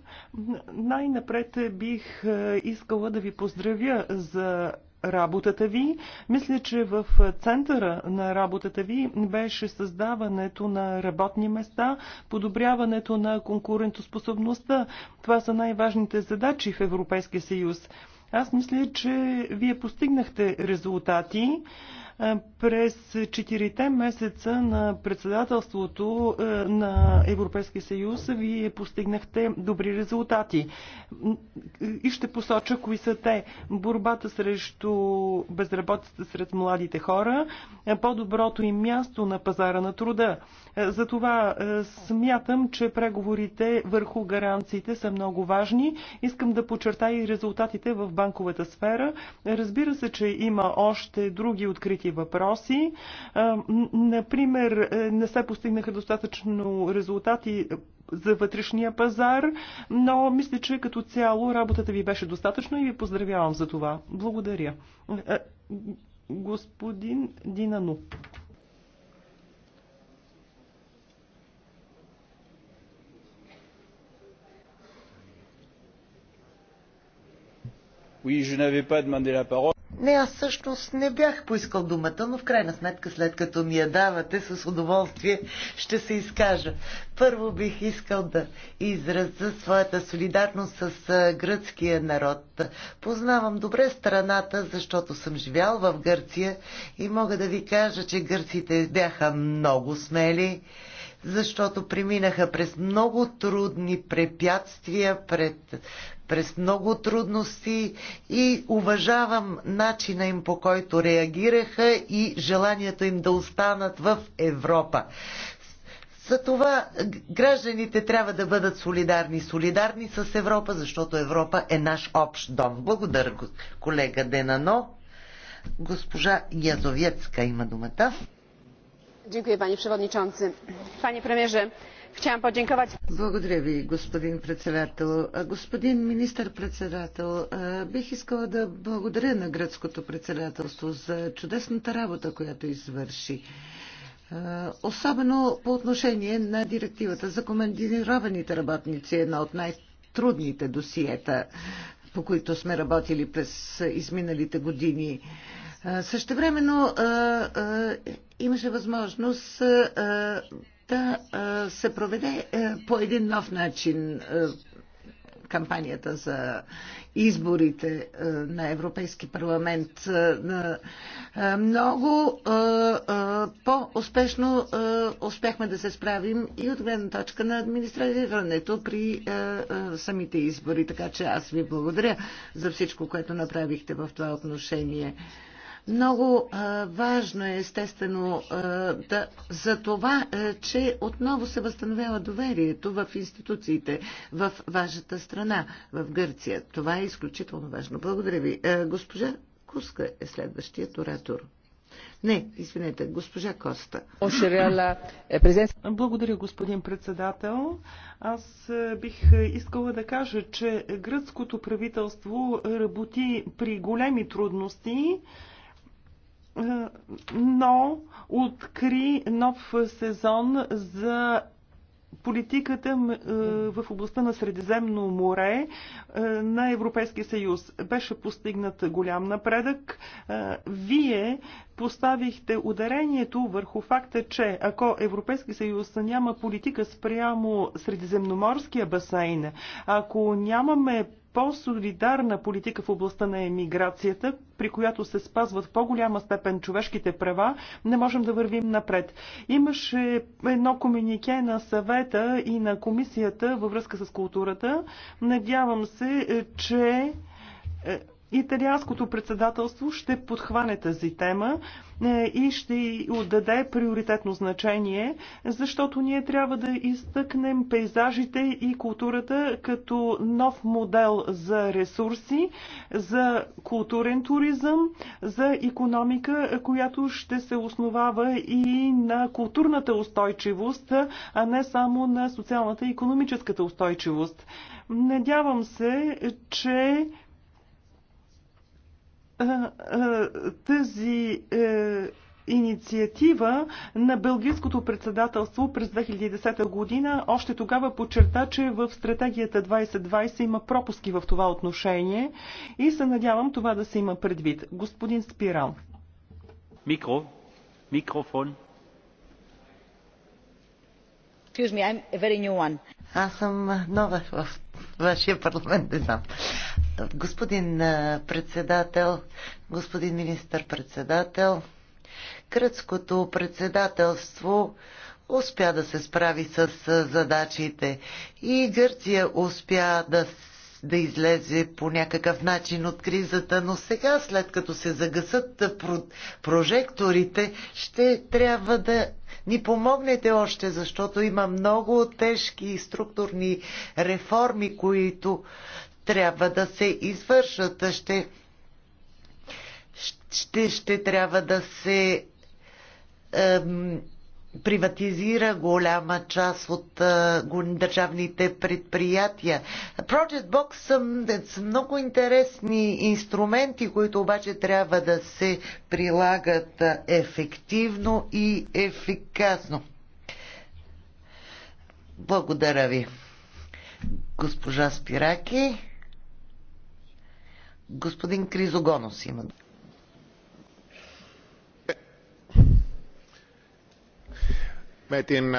най-напред бих е, искала да ви поздравя за работата ви. Мисля, че в центъра на работата ви беше създаването на работни места, подобряването на конкурентоспособността. Това са най-важните задачи в Европейския съюз. Аз мисля, че вие постигнахте резултати. През четирите месеца на председателството е, на Европейския съюз вие постигнахте добри резултати. И ще посоча кои са те. Борбата срещу безработицата сред младите хора, по-доброто им място на пазара на труда. Затова е, смятам, че преговорите върху гаранциите са много важни. Искам да подчертая и резултатите в банковата сфера. Разбира се, че има още други открити политически въпроси. Например, е, не се постигнаха достатъчно резултати за вътрешния пазар, но мисля, че като цяло работата ви беше достатъчно и ви поздравявам за това. Благодаря. Е, господин Динану. Oui, je n'avais pas demandé la parole. Не, аз всъщност не бях поискал думата, но в крайна сметка, след като ми я давате, с удоволствие ще се изкажа. Първо бих искал да изразя своята солидарност с гръцкия народ. Познавам добре страната, защото съм живял в Гърция и мога да ви кажа, че гърците бяха много смели защото преминаха през много трудни препятствия, пред, през много трудности и уважавам начина им по който реагираха и желанието им да останат в Европа. Затова гражданите трябва да бъдат солидарни. Солидарни с Европа, защото Европа е наш общ дом. Благодаря, колега Денано. Госпожа Язовецка има думата panie premierze! chciałam podziękować. Благодаря ви, господин председател. Господин министър-председател, бих искала да благодаря на гръцкото председателство за чудесната работа, която извърши. Особено по отношение на директивата за командированите работници, е една от най-трудните досиета, по които сме работили през изминалите години. Същевременно имаше възможност да се проведе по един нов начин кампанията за изборите на Европейски парламент много по-успешно успяхме да се справим и от гледна точка на администрирането при самите избори. Така че аз ви благодаря за всичко, което направихте в това отношение. Много а, важно е, естествено, а, да, за това, а, че отново се възстановява доверието в институциите в вашата страна, в Гърция. Това е изключително важно. Благодаря ви. А, госпожа Куска е следващият оратор. Не, извинете, госпожа Коста. Благодаря, господин председател. Аз бих искала да кажа, че гръцкото правителство работи при големи трудности но откри нов сезон за политиката е, в областта на Средиземно море е, на Европейския съюз. Беше постигнат голям напредък. Е, вие поставихте ударението върху факта, че ако Европейски съюз няма политика спрямо Средиземноморския басейн, ако нямаме по-солидарна политика в областта на емиграцията, при която се спазват в по-голяма степен човешките права, не можем да вървим напред. Имаше едно комюнике на съвета и на комисията във връзка с културата. Надявам се, че е, Италианското председателство ще подхване тази тема е, и ще й отдаде приоритетно значение, защото ние трябва да изтъкнем пейзажите и културата като нов модел за ресурси, за културен туризъм, за економика, която ще се основава и на културната устойчивост, а не само на социалната и економическата устойчивост. Надявам се, че тази е, инициатива на Белгийското председателство през 2010 година още тогава подчерта, че в стратегията 2020 има пропуски в това отношение и се надявам това да се има предвид. Господин Спирал. Микро. Микрофон. Excuse me, I'm a very new one. Аз съм нова в вашия парламент, не знам. Господин председател, господин министър-председател, Кръцкото председателство успя да се справи с задачите и Гърция успя да да излезе по някакъв начин от кризата, но сега, след като се загасат прожекторите, ще трябва да ни помогнете още, защото има много тежки структурни реформи, които трябва да се извършат. Ще, ще, ще трябва да се ем, приватизира голяма част от а, държавните предприятия. Project Box са, са много интересни инструменти, които обаче трябва да се прилагат ефективно и ефикасно. Благодаря ви. Госпожа Спираки. Господин Кризогонос има. με την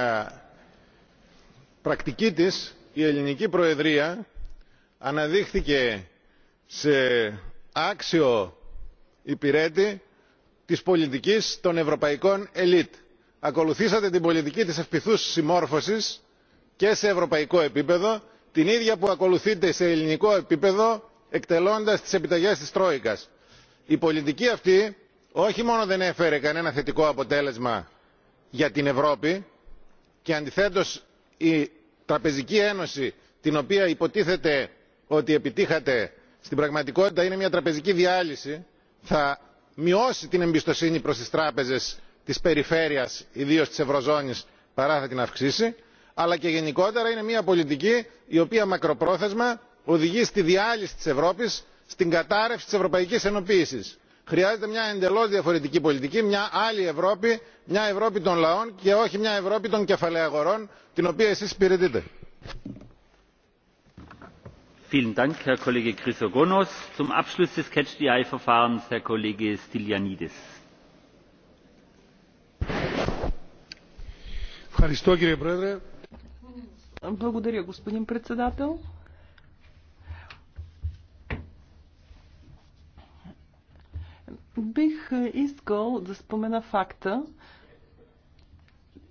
πρακτική της η ελληνική προεδρία αναδείχθηκε σε άξιο υπηρέτη της πολιτικής των ευρωπαϊκών ελίτ. ακολουθήσατε την πολιτική της ευπηθούς συμμόρφωσης και σε ευρωπαϊκό επίπεδο την ίδια που ακολουθείτε σε ελληνικό επίπεδο εκτελώντας τις επιταγές της τρόικας. η πολιτική αυτή όχι μόνο δεν έφερε κανένα θετικό αποτέλεσμα για την ευρώπη και αντιθέτως η τραπεζική ένωση την οποία υποτίθεται ότι επιτύχατε στην πραγματικότητα είναι μια τραπεζική διάλυση θα μειώσει την εμπιστοσύνη προς τις τράπεζες της περιφέρειας ιδίως της ευρωζώνης παρά θα την αυξήσει αλλά και γενικότερα είναι μια πολιτική η οποία μακροπρόθεσμα οδηγεί στη διάλυση της ευρώπης στην κατάρρευση της ευρωπαϊκής ενοποίησης χρειάζεται μια εντελώ διαφορετική πολιτική μια άλλη ευρώπη μια ευρώπη των λαών και όχι μια ευρώπη των κεφαλαίων την οποία εσεί υπηρετείτε. Vielen Dank, Herr Kollege Chrysogonos. Zum Abschluss des Catch the Eye Verfahrens Herr Kollege Stylianides. Ευχαριστώ κύριε Πρόεδρε. Благодаря господин председател. Бих е, искал да спомена факта,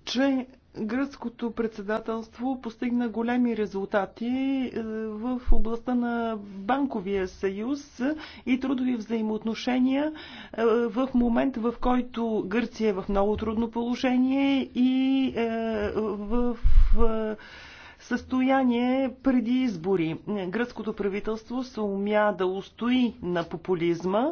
че гръцкото председателство постигна големи резултати е, в областта на банковия съюз и трудови взаимоотношения е, в момент, в който Гърция е в много трудно положение и в състояние преди избори. Гръцкото правителство се умя да устои на популизма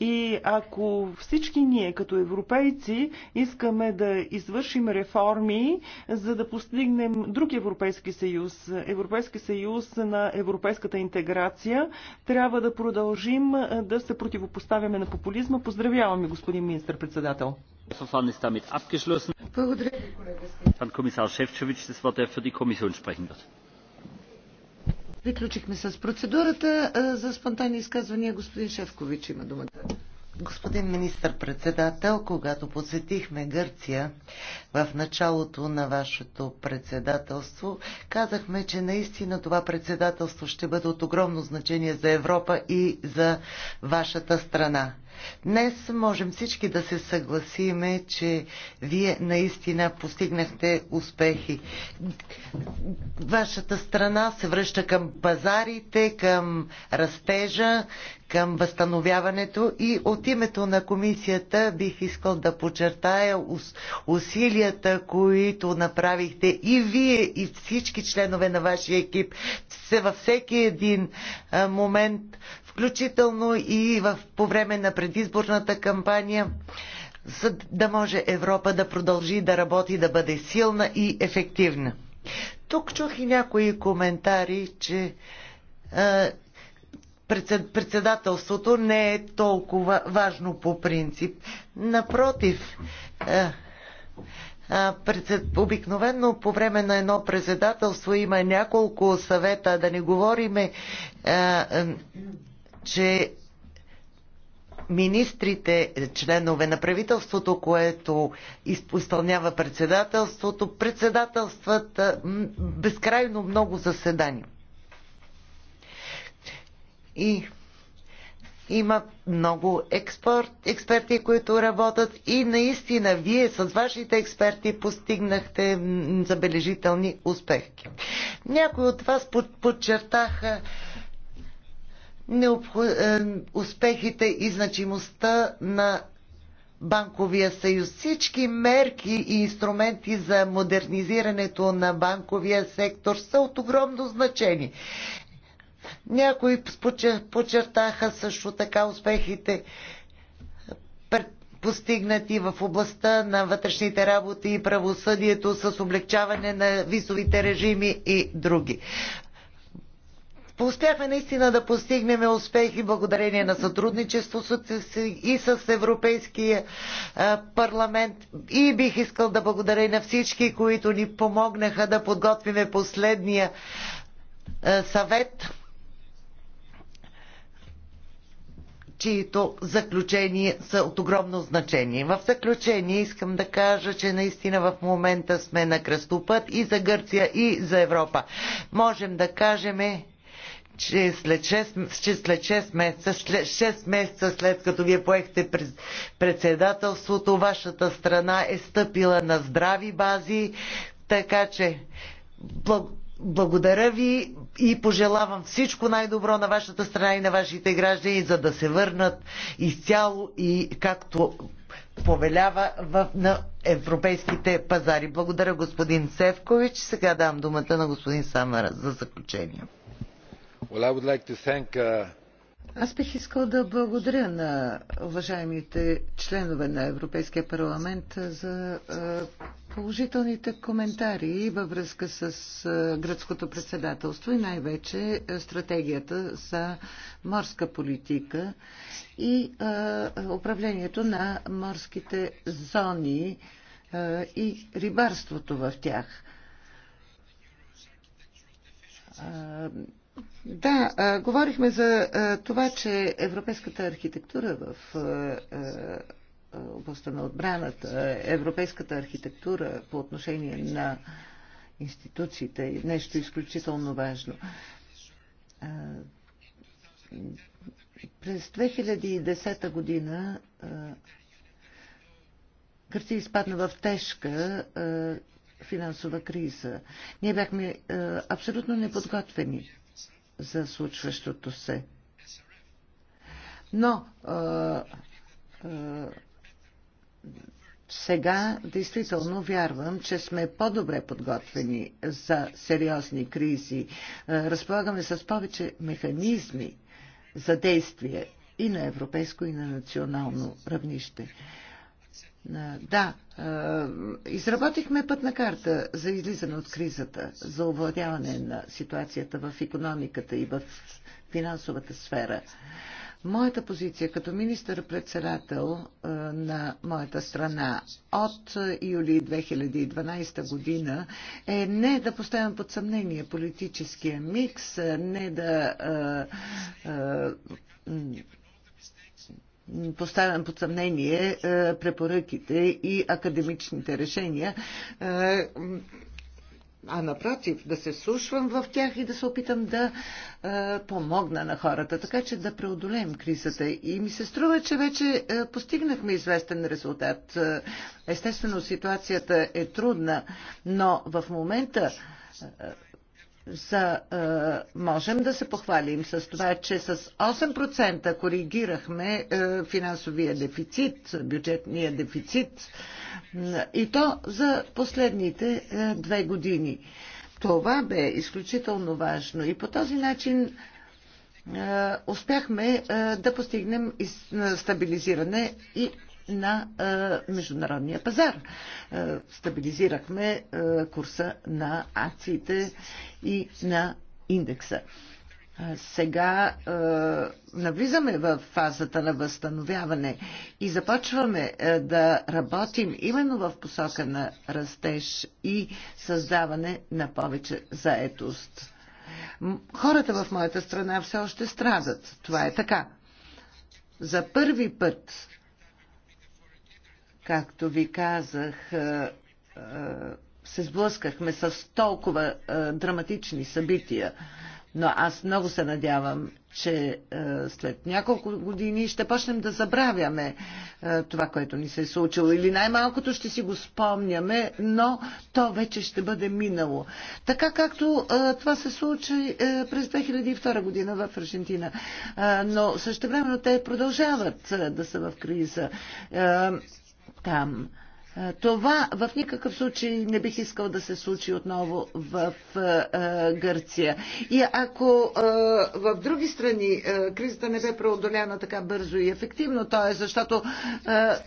и ако всички ние като европейци искаме да извършим реформи, за да постигнем друг Европейски съюз, Европейски съюз на европейската интеграция, трябва да продължим да се противопоставяме на популизма. Поздравяваме, господин министр-председател. Благодаря ви, колега. Приключихме с процедурата за спонтанни изказвания. Господин Шефкович има думата. Господин министър председател когато посетихме Гърция в началото на вашето председателство, казахме, че наистина това председателство ще бъде от огромно значение за Европа и за вашата страна. Днес можем всички да се съгласиме, че вие наистина постигнахте успехи. Вашата страна се връща към пазарите, към растежа, към възстановяването и от името на комисията бих искал да подчертая усилията, които направихте и вие и всички членове на вашия екип се във всеки един момент включително и в, по време на предизборната кампания, за да може Европа да продължи да работи, да бъде силна и ефективна. Тук чух и някои коментари, че е, председателството не е толкова важно по принцип. Напротив, е, Обикновено по време на едно председателство има няколко съвета, да не говориме че министрите, членове на правителството, което изпълнява председателството, председателстват безкрайно много заседания. И има много експерт, експерти, които работят и наистина вие с вашите експерти постигнахте забележителни успехи. Някои от вас подчертаха необх... Е, успехите и значимостта на банковия съюз. Всички мерки и инструменти за модернизирането на банковия сектор са от огромно значение. Някои подчертаха също така успехите постигнати в областта на вътрешните работи и правосъдието с облегчаване на висовите режими и други. Успяхме наистина да постигнем успехи благодарение на сътрудничество и с Европейския парламент. И бих искал да благодаря на всички, които ни помогнаха да подготвиме последния съвет, чието заключение са от огромно значение. В заключение искам да кажа, че наистина в момента сме на кръстопът и за Гърция, и за Европа. Можем да кажем, че след 6, че след 6 месеца, след 6 месеца след като вие поехте председателството, вашата страна е стъпила на здрави бази, така че благодаря ви и пожелавам всичко най-добро на вашата страна и на вашите граждани, за да се върнат изцяло и както повелява в, на европейските пазари. Благодаря господин Севкович. Сега дам думата на господин Самара за заключение. Uh, Аз бих искал да благодаря на уважаемите членове на Европейския парламент за положителните коментари във връзка с гръцкото председателство и най-вече стратегията за морска политика и управлението на морските зони и рибарството в тях да, а, говорихме за а, това, че европейската архитектура в а, а, областта на отбраната, европейската архитектура по отношение на институциите е нещо изключително важно. А, през 2010 година а, Гърция изпадна в тежка а, финансова криза. Ние бяхме а, абсолютно неподготвени за случващото се. Но а, а, сега действително вярвам, че сме по-добре подготвени за сериозни кризи. Разполагаме с повече механизми за действие и на европейско, и на национално равнище. Да, изработихме пътна карта за излизане от кризата, за овладяване на ситуацията в економиката и в финансовата сфера. Моята позиция като министър-председател на моята страна от юли 2012 година е не да поставям под съмнение политическия микс, не да поставям под съмнение е, препоръките и академичните решения, е, а напротив, да се слушвам в тях и да се опитам да е, помогна на хората, така че да преодолеем кризата. И ми се струва, че вече е, постигнахме известен резултат. Е, естествено, ситуацията е трудна, но в момента за, е, можем да се похвалим с това, че с 8% коригирахме е, финансовия дефицит, бюджетния дефицит и то за последните е, две години. Това бе изключително важно и по този начин е, успяхме е, да постигнем стабилизиране и на международния пазар. Стабилизирахме курса на акциите и на индекса. Сега е, навлизаме в фазата на възстановяване и започваме е, да работим именно в посока на растеж и създаване на повече заетост. Хората в моята страна все още страдат. Това е така. За първи път Както ви казах, е, е, се сблъскахме с толкова е, драматични събития. Но аз много се надявам, че след няколко години ще почнем да забравяме това, което ни се е случило. Или най-малкото ще си го спомняме, но то вече ще бъде минало. Така както това се случи през 2002 година в Аржентина. Но също времено те продължават да са в криза там. Това в никакъв случай не бих искал да се случи отново в Гърция. И ако в други страни кризата не бе преодоляна така бързо и ефективно, то е защото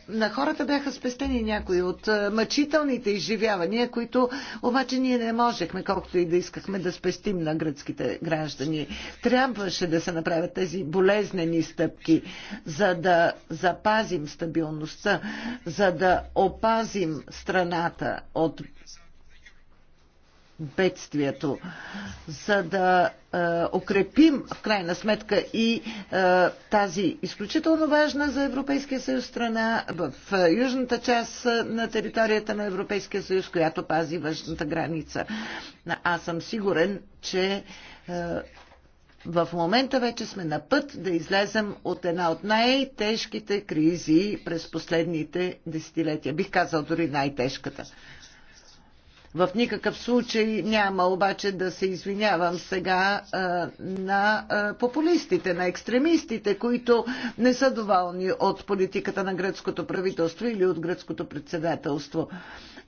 на хората бяха спестени някои от мъчителните изживявания, които обаче ние не можехме, колкото и да искахме да спестим на гръцките граждани. Трябваше да се направят тези болезнени стъпки, за да запазим стабилността, за да опазим пазим страната от бедствието, за да е, укрепим в крайна сметка и е, тази изключително важна за Европейския съюз страна в е, южната част е, на територията на Европейския съюз, която пази външната граница. Аз съм сигурен, че е, в момента вече сме на път да излезем от една от най-тежките кризи през последните десетилетия. Бих казал дори най-тежката. В никакъв случай няма обаче да се извинявам сега а, на а, популистите, на екстремистите, които не са доволни от политиката на гръцкото правителство или от гръцкото председателство.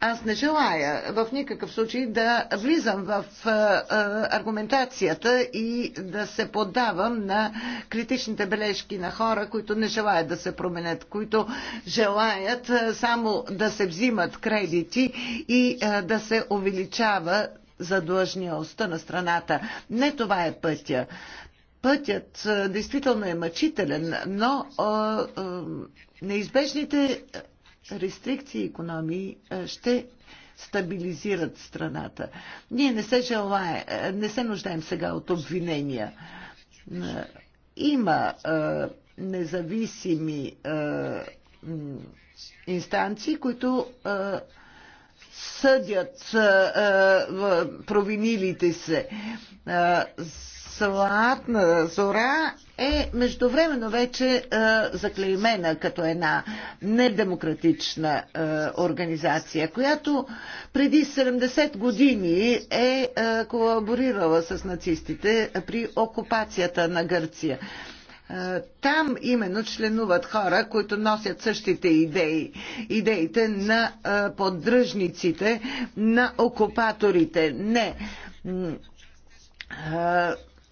Аз не желая в никакъв случай да влизам в а, а, аргументацията и да се поддавам на критичните бележки на хора, които не желаят да се променят, които желаят а, само да се взимат кредити и а, да се се увеличава задлъжнялостта на страната. Не това е пътя. Пътят действително е мъчителен, но а, а, неизбежните рестрикции и економии ще стабилизират страната. Ние не се желаем, не се нуждаем сега от обвинения. Има а, независими а, инстанции, които а, съдят е, провинилите се. Е, Златна зора е междувременно вече а, е, заклеймена като една недемократична а, организация, която преди 70 години е, е колаборирала с нацистите при окупацията на Гърция. Е, там именно членуват хора, които носят същите идеи. Идеите на е, поддръжниците, на окупаторите. Не. Е,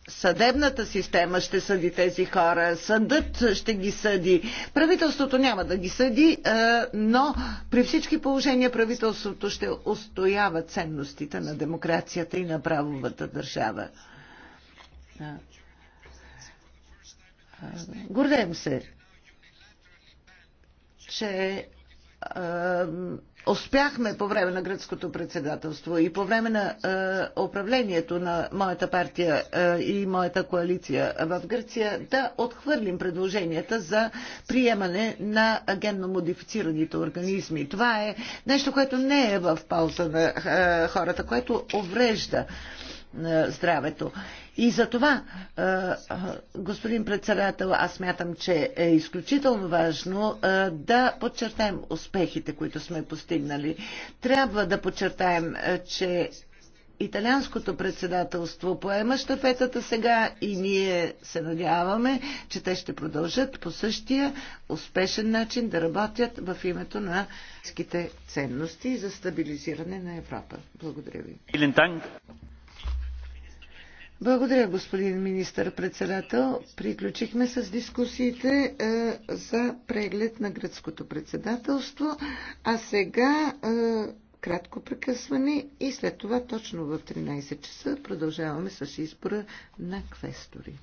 съдебната система ще съди тези хора, съдът ще ги съди, правителството няма да ги съди, но при всички положения правителството ще устоява ценностите на демокрацията и на правовата държава. Гордеем се, че успяхме по време на гръцкото председателство и по време на управлението на моята партия и моята коалиция в Гърция да отхвърлим предложенията за приемане на генно модифицираните организми. Това е нещо, което не е в пауза на хората, което уврежда здравето. И за това, е, е, господин председател, аз мятам, че е изключително важно е, да подчертаем успехите, които сме постигнали. Трябва да подчертаем, че италианското председателство поема щафетата сега и ние се надяваме, че те ще продължат по същия успешен начин да работят в името на ските ценности за стабилизиране на Европа. Благодаря ви. Благодаря, господин министър-председател. Приключихме с дискусиите е, за преглед на гръцкото председателство, а сега е, кратко прекъсване и след това точно в 13 часа продължаваме с избора на квестори.